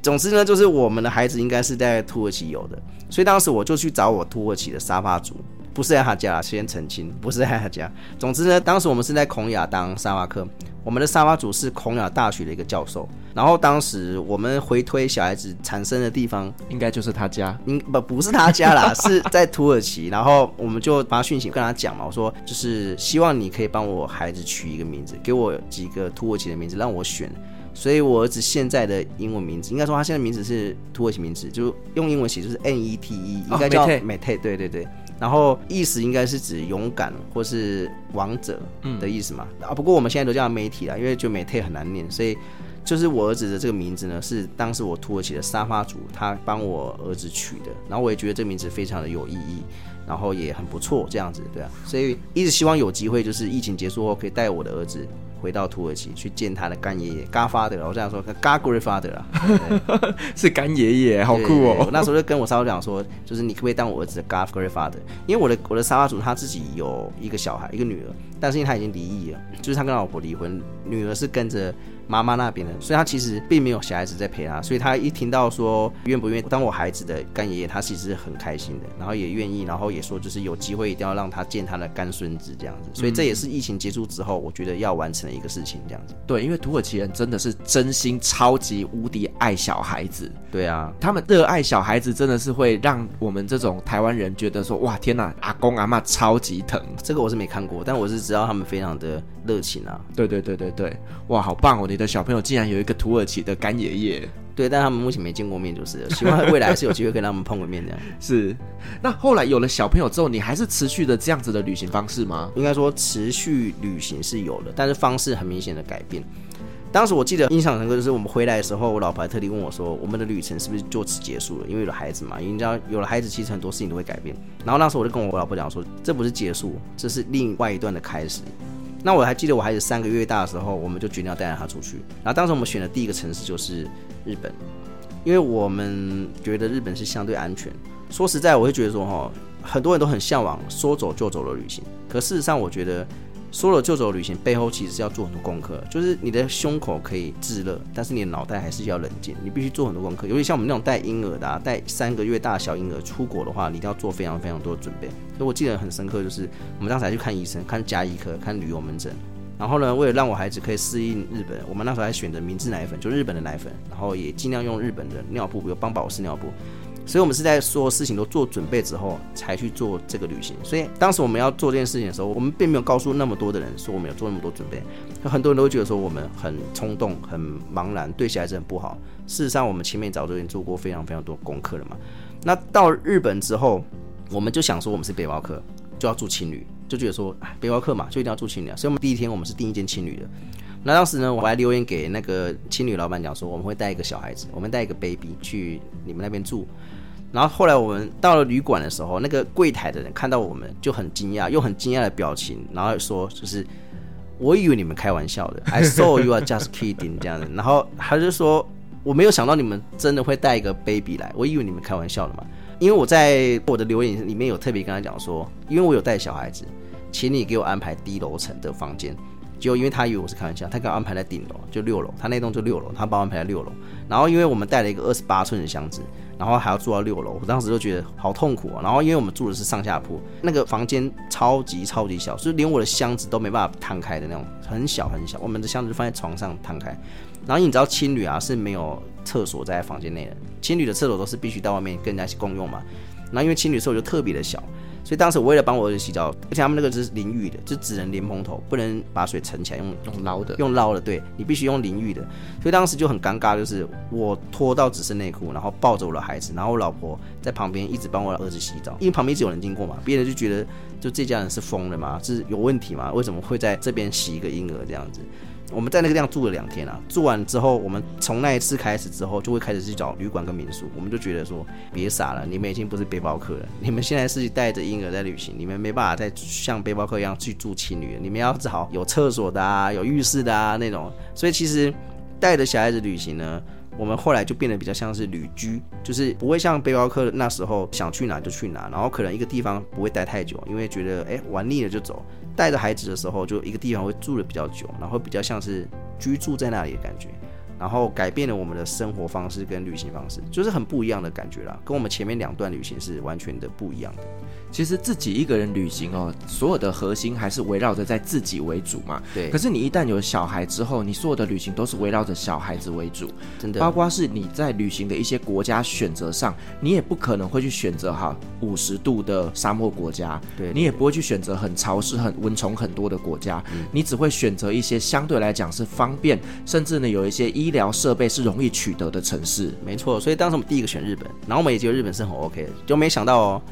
總之呢，就是我們的孩子應該是在土耳其有的，所以當時我就去找我土耳其的沙發主。不是在他家啦，先澄清，不是在他家。總之呢，當時我們是在孔雅當沙發客，我們的沙發主是孔雅大學的一個教授。然後當時我們回推小孩子產生的地方，應該就是他家，應不不是他家啦， <laughs> 是在土耳其。然後我們就把他訊息，跟他講嘛，我說就是希望你可以幫我孩子取一個名字，給我幾個土耳其的名字讓我選。所以我兒子現在的英文名字，應該說他現在的名字是土耳其名字，就用英文寫就是 N E T E，應該叫、oh, Mate. Mate，對對對。然後意思應該是指勇敢或是王者的意思嘛？嗯、啊，不過我們現在都叫媒體了，因為就美泰很難念，所以就是我兒子的這個名字呢，是當時我土耳其的沙發主他幫我兒子取的，然後我也覺得這個名字非常的有意義，然後也很不錯這樣子，對啊，所以一直希望有機會，就是疫情結束後可以帶我的兒子，回到土耳其去見他的乾爺爺嘎 a r f a t h e r 我這樣說嘎 g r a n d f a t h e r 啊，對對對 <laughs> 是乾爺爺，好酷哦，對對對。那時候就跟我沙叔講說，就是你可不可以當我兒子的嘎 g r a n d f a t h e r 因為我的我的沙拉叔他自己有一個小孩，一個女兒，但是因為他已經離異了，就是他跟我老婆離婚，女兒是跟着。媽媽那邊的，所以他其實並沒有小孩子，在陪他，所以他一聽到說，願不願意當我孩子的乾爺爺，他其實是很開心的，然後也願意，然後也說就是有機會一定要讓他見他的乾孫子這樣子，所以這也是疫情結束之後，我覺得要完成的一個事情這樣子。嗯、對，因為土耳其人真的是真心超級無敵愛小孩子。對啊，他們熱愛小孩子真的是會讓我們這種台灣人覺得說，哇天哪，阿公阿嬤超級疼，這個我是沒看過，但我是知道他們非常的熱情啊！對對對對對，哇，好棒哦！你的小朋友竟然有一個土耳其的乾爺爺。對，但他們目前沒見過面，就是了，希望未來是有機會可以讓他們碰個面這樣。 <laughs> 是，那後來有了小朋友之後，你還是持續的這樣子的旅行方式嗎？應該說持續旅行是有的，但是方式很明顯的改變。當時我記得印象很深刻，就是我們回來的時候，我老婆還特地問我說：“我們的旅程是不是就此結束了？”因為有了孩子嘛，因為你知道有了孩子，其實很多事情都會改變。然後那時候我就跟我老婆講說：“這不是結束，這是另外一段的開始。”那我還記得我孩子三個月大的時候，我們就決定要帶着他出去。然後當時我們選的第一個城市就是日本，因為我們覺得日本是相對安全。說實在，我會覺得說哈，很多人都很向往說走就走的旅行，可事實上我覺得。說了就走旅行背後其實是要做很多功課，就是你的胸口可以炙熱，但是你的腦袋還是要冷靜，你必須做很多功課。尤其像我們那種帶嬰兒的、啊，帶三個月大小嬰兒出國的話，你一定要做非常非常多的準備。所以我記得很深刻，就是我們當時還去看醫生，看家醫科，看旅遊門診。然後呢，為了讓我孩子可以適應日本，我們那時候還選擇明治奶粉，就日本的奶粉，然後也盡量用日本的尿布，比如幫寶適尿布。所以，我們是在說事情都做準備之後，才去做這個旅行。所以，當時我們要做這件事情的時候，我們並沒有告訴那麼多的人說我們有做那麼多準備。很多人都會覺得說我們很衝動、很茫然，對小孩子很不好。事實上，我們前面早都已經做過非常非常多功課了嘛。那到日本之後，我們就想說我們是背包客，就要住青旅，就覺得說哎，背包客嘛，就一定要住青旅啊。所以我們第一天我們是訂一間青旅的。那當時呢，我還留言給那個青旅老闆講說，我們會帶一個小孩子，我們帶一個 baby 去你們那邊住。然後後來我們到了旅館的時候，那個櫃檯的人看到我們就很驚訝，用很驚訝的表情，然後說：“就是我以為你們開玩笑的 <laughs> ，I saw you are just kidding 這樣的。”然後他就說：“我沒有想到你們真的會帶一個 baby 來，我以為你們開玩笑的嘛。”因為我在我的留言裡面有特別跟他講說：“因為我有帶小孩子，請你給我安排低樓層的房間。”就因為他以為我是開玩笑，他給我安排在頂樓，就六樓，他那棟就六樓，他幫我安排在六樓。然後因為我們帶了一個二十八寸的箱子，然後還要住到六樓，我當時就覺得好痛苦啊、哦。然後因為我們住的是上下鋪，那個房間超級超級超級小，就連我的箱子都沒辦法攤開的那種，很小很小。我們的箱子就放在床上攤開。然後你知道青旅啊是沒有廁所在房間內的，青旅的廁所都是必須到外面跟人家一起共用嘛。然後因為青旅廁所就特別的小。所以當時我為了幫我兒子洗澡，而且他們那個是淋浴的，就只能蓮蓬頭，不能把水盛起來用用撈的，用撈的，對，你必須用淋浴的。所以當時就很尷尬，就是我脫到只剩內褲，然後抱着我的孩子，然後我老婆在旁邊一直幫我兒子洗澡，因為旁邊一直有人經過嘛，別人就覺得就這家人是瘋了嘛，是有問題嘛？為什麼會在這邊洗一個嬰兒這樣子？我們在那個地方住了兩天啊，住完之後，我們從那一次開始之後，就會開始去找旅館跟民宿。我們就覺得說，別傻了，你們已經不是背包客了，你們現在是帶着嬰兒在旅行，你們沒辦法再像背包客一樣去住青旅，你們要找有廁所的啊，有浴室的啊那種。所以其實帶着小孩子旅行呢。我們後來就變得比較像是旅居，就是不會像背包客那時候想去哪就去哪，然後可能一個地方不會待太久，因為覺得哎玩膩了就走。帶着孩子的時候，就一個地方會住的比較久，然後比較像是居住在那裡的感覺。然後改變了我們的生活方式跟旅行方式，就是很不一樣的感覺啦，跟我們前面兩段旅行是完全的不一樣的。其實自己一個人旅行哦，所有的核心還是圍繞着在自己為主嘛。對。可是你一旦有小孩之後，你所有的旅行都是圍繞着小孩子為主，真的。包括是你在旅行的一些國家選擇上，你也不可能會去選擇哈五十度的沙漠國家，對，對，對，你也不會去選擇很潮濕、很蚊蟲很多的國家，嗯、你只會選擇一些相對來講是方便，甚至呢有一些醫。醫療設備是容易取得的城市，沒錯。所以當時我們第一個選日本，然後我們也覺得日本是很 OK 的，就沒想到哦。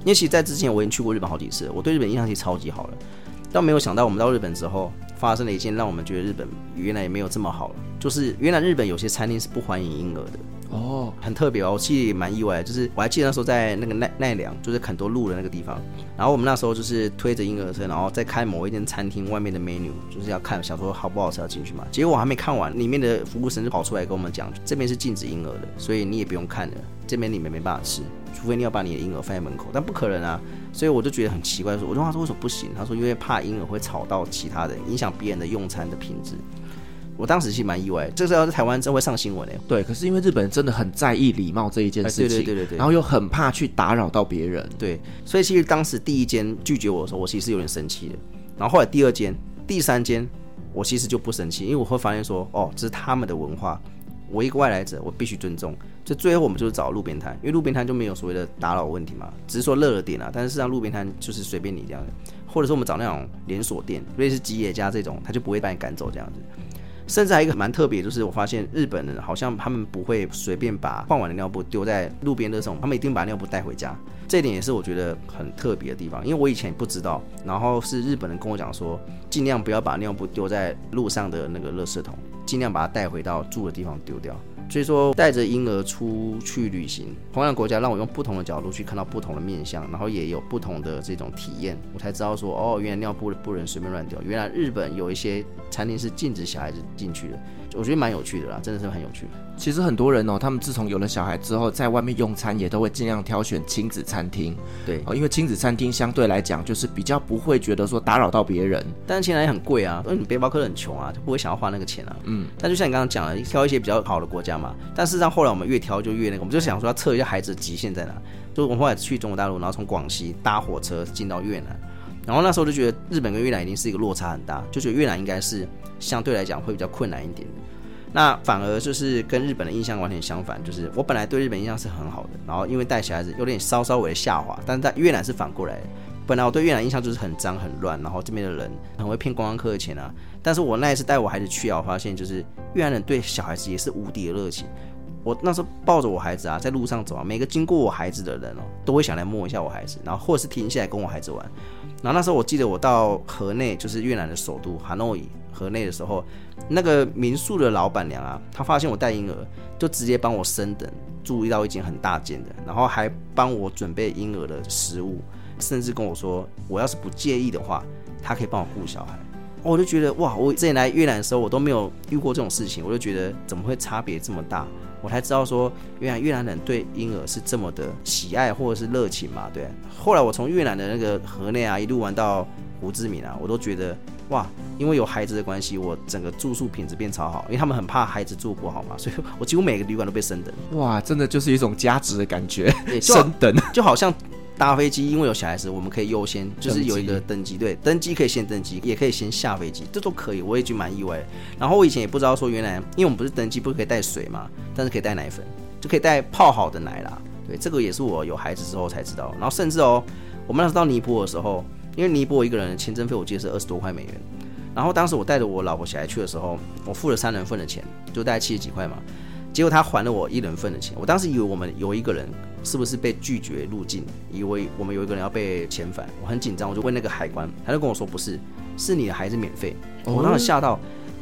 因為其實在之前我已經去過日本好幾次，我對日本印象其實超級好了，但沒有想到我們到日本之後發生了一件讓我們覺得日本原來也沒有這麼好了，就是原來日本有些餐廳是不歡迎嬰兒的。哦，oh，很特別哦，我其實蠻意外的，就是我還記得那時候在那個奈奈良，就是很多鹿的那個地方，然後我們那時候就是推着嬰兒車，然後在看某一間餐廳外面的 menu，就是要看想說好不好吃要進去嘛，結果我還沒看完，裡面的服務生就跑出來跟我們講，這邊是禁止嬰兒的，所以你也不用看了，這邊你們沒辦法吃，除非你要把你的嬰兒放在門口，但不可能啊，所以我就覺得很奇怪，候我就問他說為什麼不行，他說因為怕嬰兒會吵到其他人，影響別人的用餐的品質。我當時其實蠻意外，這時候在台灣真會上新聞哎、欸。對，可是因為日本人真的很在意禮貌這一件事情，欸、對對對對，對然後又很怕去打擾到別人，對，所以其實當時第一間拒絕我的時候，我其實有點生氣的。然後後來第二間、第三間，我其實就不生氣，因為我會發現說，哦，這是他們的文化，我一個外來者，我必須尊重。所以最後我們就是找路邊攤，因為路邊攤就沒有所謂的打擾問題嘛，只是說熱了點啊。但是實際上路邊攤就是隨便你這樣子，或者說我們找那種連鎖店，類似吉野家這種，他就不會把你趕走這樣子。甚至還有一個蠻特別，就是我發現日本人好像他們不會隨便把換完的尿布丟在路邊的垃圾桶，他們一定把尿布帶回家。這一點也是我覺得很特別的地方，因為我以前不知道，然後是日本人跟我講說，盡量不要把尿布丟在路上的那個垃圾桶，盡量把它帶回到住的地方丟掉。所以說，帶着嬰兒出去旅行，同樣的國家，讓我用不同的角度去看到不同的面相，然後也有不同的這種體驗，我才知道說，哦，原來尿布不能隨便亂丟，原來日本有一些餐廳是禁止小孩子進去的，我覺得蠻有趣的啦，真的是很有趣。其實很多人哦，他們自從有了小孩之後，在外面用餐也都會儘量挑選親子餐廳。對，哦，因為親子餐廳相對來講，就是比較不會覺得說打擾到別人，但是現在也很貴啊，因為你背包客很窮啊，就不會想要花那個錢啊。嗯，但就像你剛剛講的，挑一些比較好的國家。嘛，但事實上後來我們越挑就越那個，我們就想說要測一下孩子的極限在哪。就我們後來去中國大陸，然後從廣西搭火車進到越南，然後那時候就覺得日本跟越南已經是一個落差很大，就覺得越南應該是相對來講會比較困難一點。那反而就是跟日本的印象完全相反，就是我本來對日本印象是很好的，然後因為帶小孩子有點稍稍微的下滑，但是在越南是反過來的。本來我對越南印象就是很髒很亂，然後這邊的人很會騙觀光客的錢啊。但是我那一次帶我孩子去啊，我發現就是越南人對小孩子也是無敵的熱情。我那時候抱着我孩子啊，在路上走啊，每個經過我孩子的人哦，都會想來摸一下我孩子，然後或者是停下來跟我孩子玩。然後那時候我記得我到河內，就是越南的首都 Hanoi，河內的時候，那個民宿的老闆娘啊，她發現我帶嬰兒，就直接幫我升等，住到一間很大間的，然後還幫我準備嬰兒的食物。甚至跟我說，我要是不介意的話，他可以幫我顧小孩。我就覺得哇，我之前來越南的時候，我都沒有遇過這種事情。我就覺得怎麼會差別這麼大？我才知道說，原來越南人對嬰兒是這麼的喜愛或者是熱情嘛。對啊。後來我從越南的那個河內啊，一路玩到胡志明啊，我都覺得哇，因為有孩子的關係，我整個住宿品質變超好，因為他們很怕孩子住不好嘛，所以我幾乎每個旅館都被升等。哇，真的就是一種加值的感覺，升等，就好像。搭飛機，因為有小孩子，我們可以優先，就是有一個登機機對，登機可以先登機，也可以先下飛機，這都可以。我也就蠻意外。然後我以前也不知道說，原來因為我們不是登機不可以帶水嘛，但是可以帶奶粉，就可以帶泡好的奶啦。對，這個也是我有孩子之後才知道。然後甚至哦，我們當時到尼泊爾的時候，因為尼泊爾一個人的簽證費我記得是二十多塊美元。然後當時我帶着我老婆小孩去的時候，我付了三人份的錢，就大概七十幾塊嘛。結果他還了我一人份的錢，我當時以為我們有一個人是不是被拒絕入境，以為我們有一個人要被遣返，我很緊張，我就問那個海關，他就跟我說不是，是你的孩子免費。哦，我當時嚇到。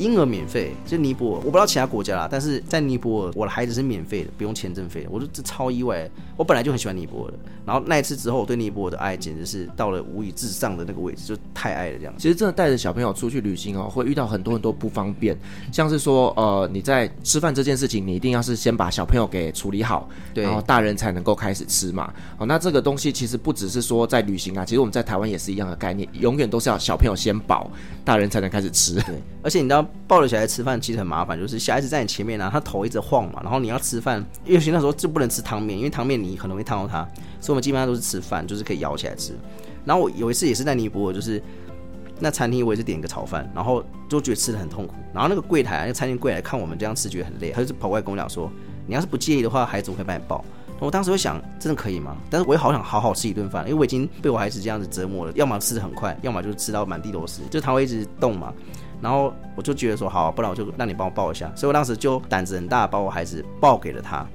嬰兒免費，就尼泊爾，我不知道其他國家啦，但是在尼泊爾，我的孩子是免費的，不用簽證費的。我就這超意外，我本來就很喜歡尼泊爾，然後那一次之後，我對尼泊爾的愛簡直是到了無以至上的那個位置，就太愛了這樣。其實真的帶着小朋友出去旅行哦，會遇到很多很多不方便，像是說，呃，你在吃飯這件事情，你一定要是先把小朋友給處理好，然後大人才能夠開始吃嘛。哦，那這個東西其實不只是說在旅行啊，其實我們在台灣也是一樣的概念，永遠都是要小朋友先飽，大人才能開始吃。對，而且你知道。抱着小孩吃飯其實很麻煩，就是小孩子在你前面啊，他頭一直晃嘛，然後你要吃飯，因為那時候就不能吃湯麵，因為湯麵你很容易燙到他，所以我們基本上都是吃飯，就是可以搖起來吃。然後我有一次也是在尼泊爾，就是那餐廳我也是點一個炒飯，然後就覺得吃的很痛苦。然後那個櫃檯，那個餐廳櫃檯看我們這樣吃覺得很累，他就是跑過來跟我講說：“你要是不介意的話，孩子我可以幫你抱。”我當時會想，真的可以嗎？但是我也好想好好吃一頓飯，因為我已經被我孩子這樣子折磨了，要麼吃的很快，要麼就是吃到滿地都是，就他會一直動嘛。然後我就覺得說好啊，不然我就讓你幫我抱一下。所以我當時就膽子很大，把我孩子抱給了他。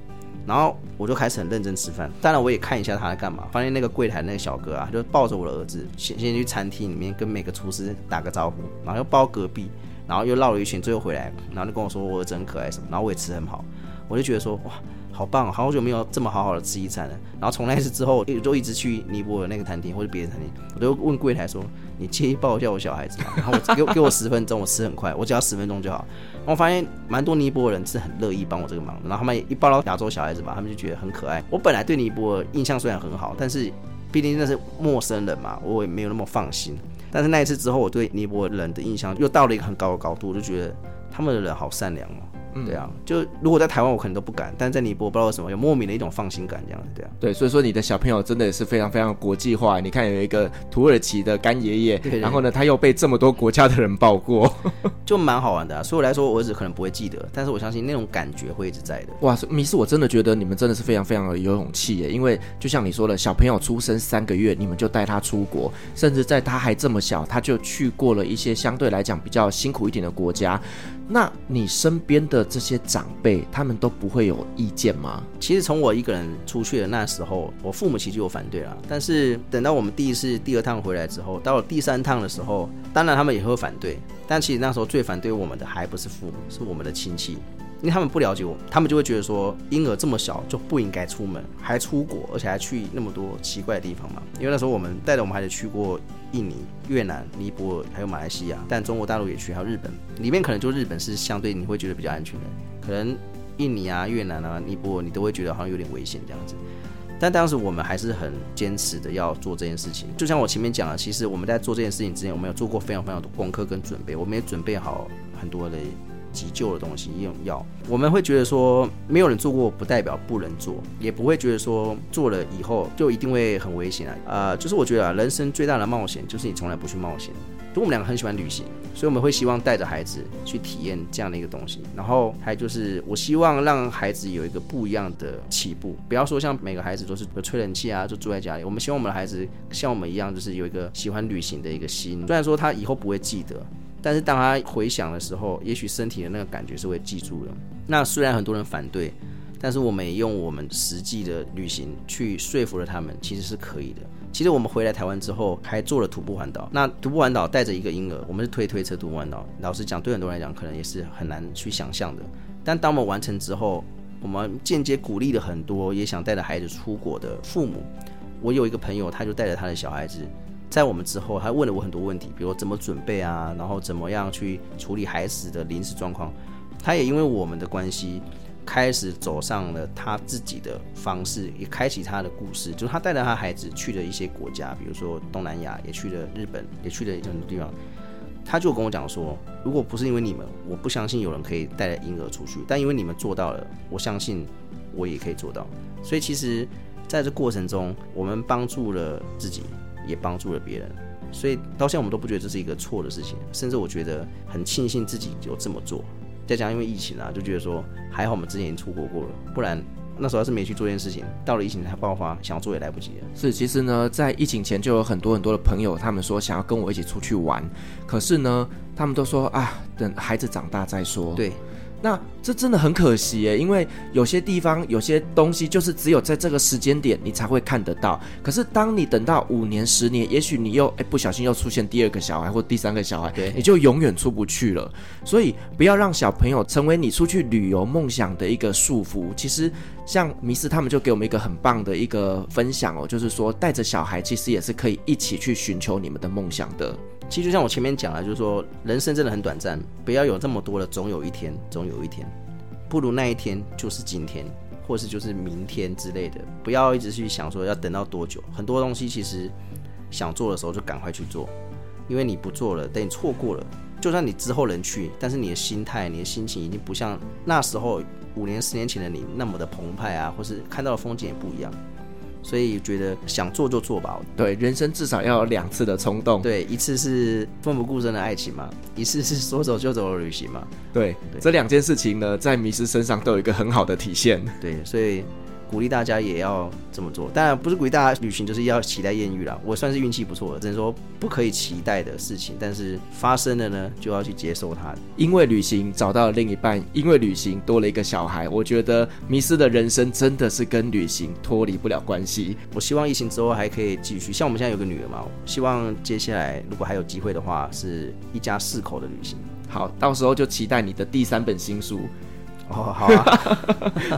然後我就開始很認真吃飯。當然我也看一下他在幹嘛，發現那個櫃檯那個小哥啊，就抱着我的兒子，先先去餐廳裡面跟每個廚師打個招呼，然後又抱隔壁，然後又繞了一圈，最後回來，然後就跟我說我兒子很可愛什麼。然後我也吃很好，我就覺得說哇。好棒！好久沒有這麼好好的吃一餐了。然後從那一次之後，欸，我就一直去尼泊爾那個餐廳或者別的餐廳，我就問櫃檯說：“你介意抱一下我小孩子嗎？”然後我給給我十分鐘，我吃很快，我只要十分鐘就好。然後我發現蠻多尼泊爾人是很樂意幫我這個忙，然後他們一抱到亞洲小孩子吧，他們就覺得很可愛。我本來對尼泊爾印象雖然很好，但是畢竟那是陌生人嘛，我也沒有那麼放心。但是那一次之後，我對尼泊爾人的印象又到了一個很高的高度，我就覺得他們的人好善良哦。嗯、對啊，就如果在台灣，我可能都不敢，但在尼泊爾不知道為什麼，有莫名的一種放心感，這樣子，對啊。對，所以說你的小朋友真的也是非常非常國際化。你看有一個土耳其的乾爺爺，對對對對，然後呢，他又被這麼多國家的人抱過， <laughs> 就蠻好玩的、啊。所以我來說，我兒子可能不會記得，但是我相信那種感覺會一直在的。哇，迷斯，我真的覺得你們真的是非常非常有勇氣耶，因為就像你說的，小朋友出生三個月，你們就帶他出國，甚至在他還這麼小，他就去過了一些相對來講比較辛苦一點的國家。那你身邊的這些長輩，他們都不會有意見嗎？其實從我一個人出去的那時候，我父母其實有反對了。但是等到我們第一次、第二趟回來之後，到了第三趟的時候，當然他們也會反對。但其實那時候最反對我們的還不是父母，是我們的親戚，因為他們不了解我，他們就會覺得說嬰兒這麼小就不應該出門，還出國，而且還去那麼多奇怪的地方嘛。因為那時候我們帶着我們孩子去過。印尼、越南、尼泊爾還有馬來西亞，但中國大陸也去，還有日本，裡面可能就日本是相對你會覺得比較安全的，可能印尼啊、越南啊、尼泊爾你都會覺得好像有點危險這樣子。但當時我們還是很堅持的要做這件事情，就像我前面講了，其實我們在做這件事情之前，我們有做過非常非常多的功課跟準備，我們也準備好很多的。急救的東西，一種藥，我們會覺得說沒有人做過不代表不能做，也不會覺得說做了以後就一定會很危險啊。呃，就是我覺得啊，人生最大的冒險就是你從來不去冒險。就我們兩個很喜歡旅行，所以我們會希望帶着孩子去體驗這樣的一個東西。然後還有就是，我希望讓孩子有一個不一樣的起步，不要說像每個孩子都是吹冷氣啊，就住在家裡。我們希望我們的孩子像我們一樣，就是有一個喜歡旅行的一個心。雖然說他以後不會記得。但是當他回想的時候，也許身體的那個感覺是會記住的。那雖然很多人反對，但是我們也用我們實際的旅行去說服了他們，其實是可以的。其實我們回來台灣之後，還做了徒步環島。那徒步環島帶着一個嬰兒，我們是推推車徒步環島。老實講，對很多人來講，可能也是很難去想象的。但當我們完成之後，我們間接鼓勵了很多也想帶着孩子出國的父母。我有一個朋友，他就帶着他的小孩子。在我們之後，他問了我很多問題，比如怎麼準備啊，然後怎麼樣去處理孩子的臨時狀況。他也因為我們的關係，開始走上了他自己的方式，也開啟他的故事。就是他帶着他孩子去了一些國家，比如說東南亞，也去了日本，也去了很多地方。他就跟我講說：“如果不是因為你們，我不相信有人可以帶着嬰兒出去。但因為你們做到了，我相信我也可以做到。”所以其實，在這過程中，我們幫助了自己。也幫助了別人，所以到現在我們都不覺得這是一個錯的事情，甚至我覺得很慶幸自己有這麼做。再加上因為疫情啊，就覺得說還好我們之前已經出國過了，不然那時候要是沒去做這件事情，到了疫情才爆發，想要做也來不及了。是，其實呢，在疫情前就有很多很多的朋友，他們說想要跟我一起出去玩，可是呢，他們都說啊，等孩子長大再說。對。那這真的很可惜耶，因為有些地方，有些東西就是只有在這個時間點你才會看得到。可是當你等到五年十年，也許你又哎不小心又出現第二個小孩或第三個小孩，對你就永遠出不去了。所以不要讓小朋友成為你出去旅遊夢想的一個束縛。其實像迷斯他們就給我們一個很棒的一個分享哦，就是說帶着小孩其實也是可以一起去尋求你們的夢想的。其實就像我前面講的，就是說人生真的很短暫，不要有這麼多的，總有一天，總有一天，不如那一天就是今天，或是就是明天之類的，不要一直去想說要等到多久。很多東西其實想做的時候就趕快去做，因為你不做了，等你錯過了，就算你之後能去，但是你的心態、你的心情已經不像那時候五年、十年前的你那麼的澎湃啊，或是看到的風景也不一樣。所以覺得想做就做吧，對，人生至少要有兩次的衝動，對，一次是奮不顧身的愛情嘛，一次是說走就走的旅行嘛，對，對這兩件事情呢，在迷斯身上都有一個很好的體現，對，所以。鼓勵大家也要這麼做，當然不是鼓勵大家旅行就是要期待艷遇啦。我算是運氣不錯的，只能說不可以期待的事情，但是發生了呢，就要去接受它。因為旅行找到了另一半，因為旅行多了一個小孩，我覺得迷斯的人生真的是跟旅行脫離不了關係。我希望疫情之後還可以繼續，像我們現在有個女兒嘛，我希望接下來如果還有機會的話，是一家四口的旅行。好，到時候就期待你的第三本新書。哦，好啊，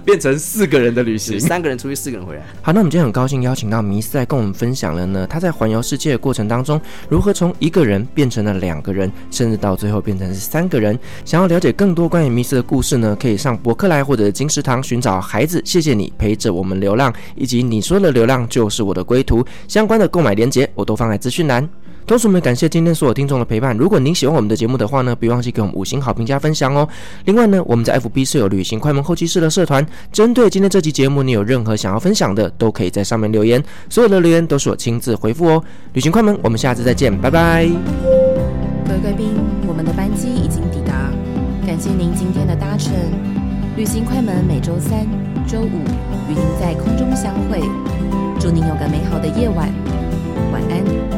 變成四個人的旅行， <laughs> 三個人出去，四個人回來。好，那我們今天很高興邀請到迷斯來跟我們分享了呢。他在環遊世界的過程當中，如何從一個人變成了兩個人，甚至到最後變成是三個人。想要了解更多關於迷斯的故事呢，可以上博客來或者金石堂尋找《孩子》，謝謝你陪着我們流浪，以及你說的流浪就是我的歸途相關的購買鏈接，我都放在資訊欄。同時，我們感謝今天所有聽眾的陪伴。如果您喜歡我們的節目的話呢，別忘記給我們五星好評加分享哦。另外呢，我們在 FB 設有旅行快門後期室的社團，針對今天這期節目，你有任何想要分享的，都可以在上面留言，所有的留言都是我親自回覆哦。旅行快門，我們下次再見，拜拜。各位貴賓，我們的班機已經抵達，感謝您今天的搭乘。旅行快門每周三、周五與您在空中相會，祝您有個美好的夜晚，晚安。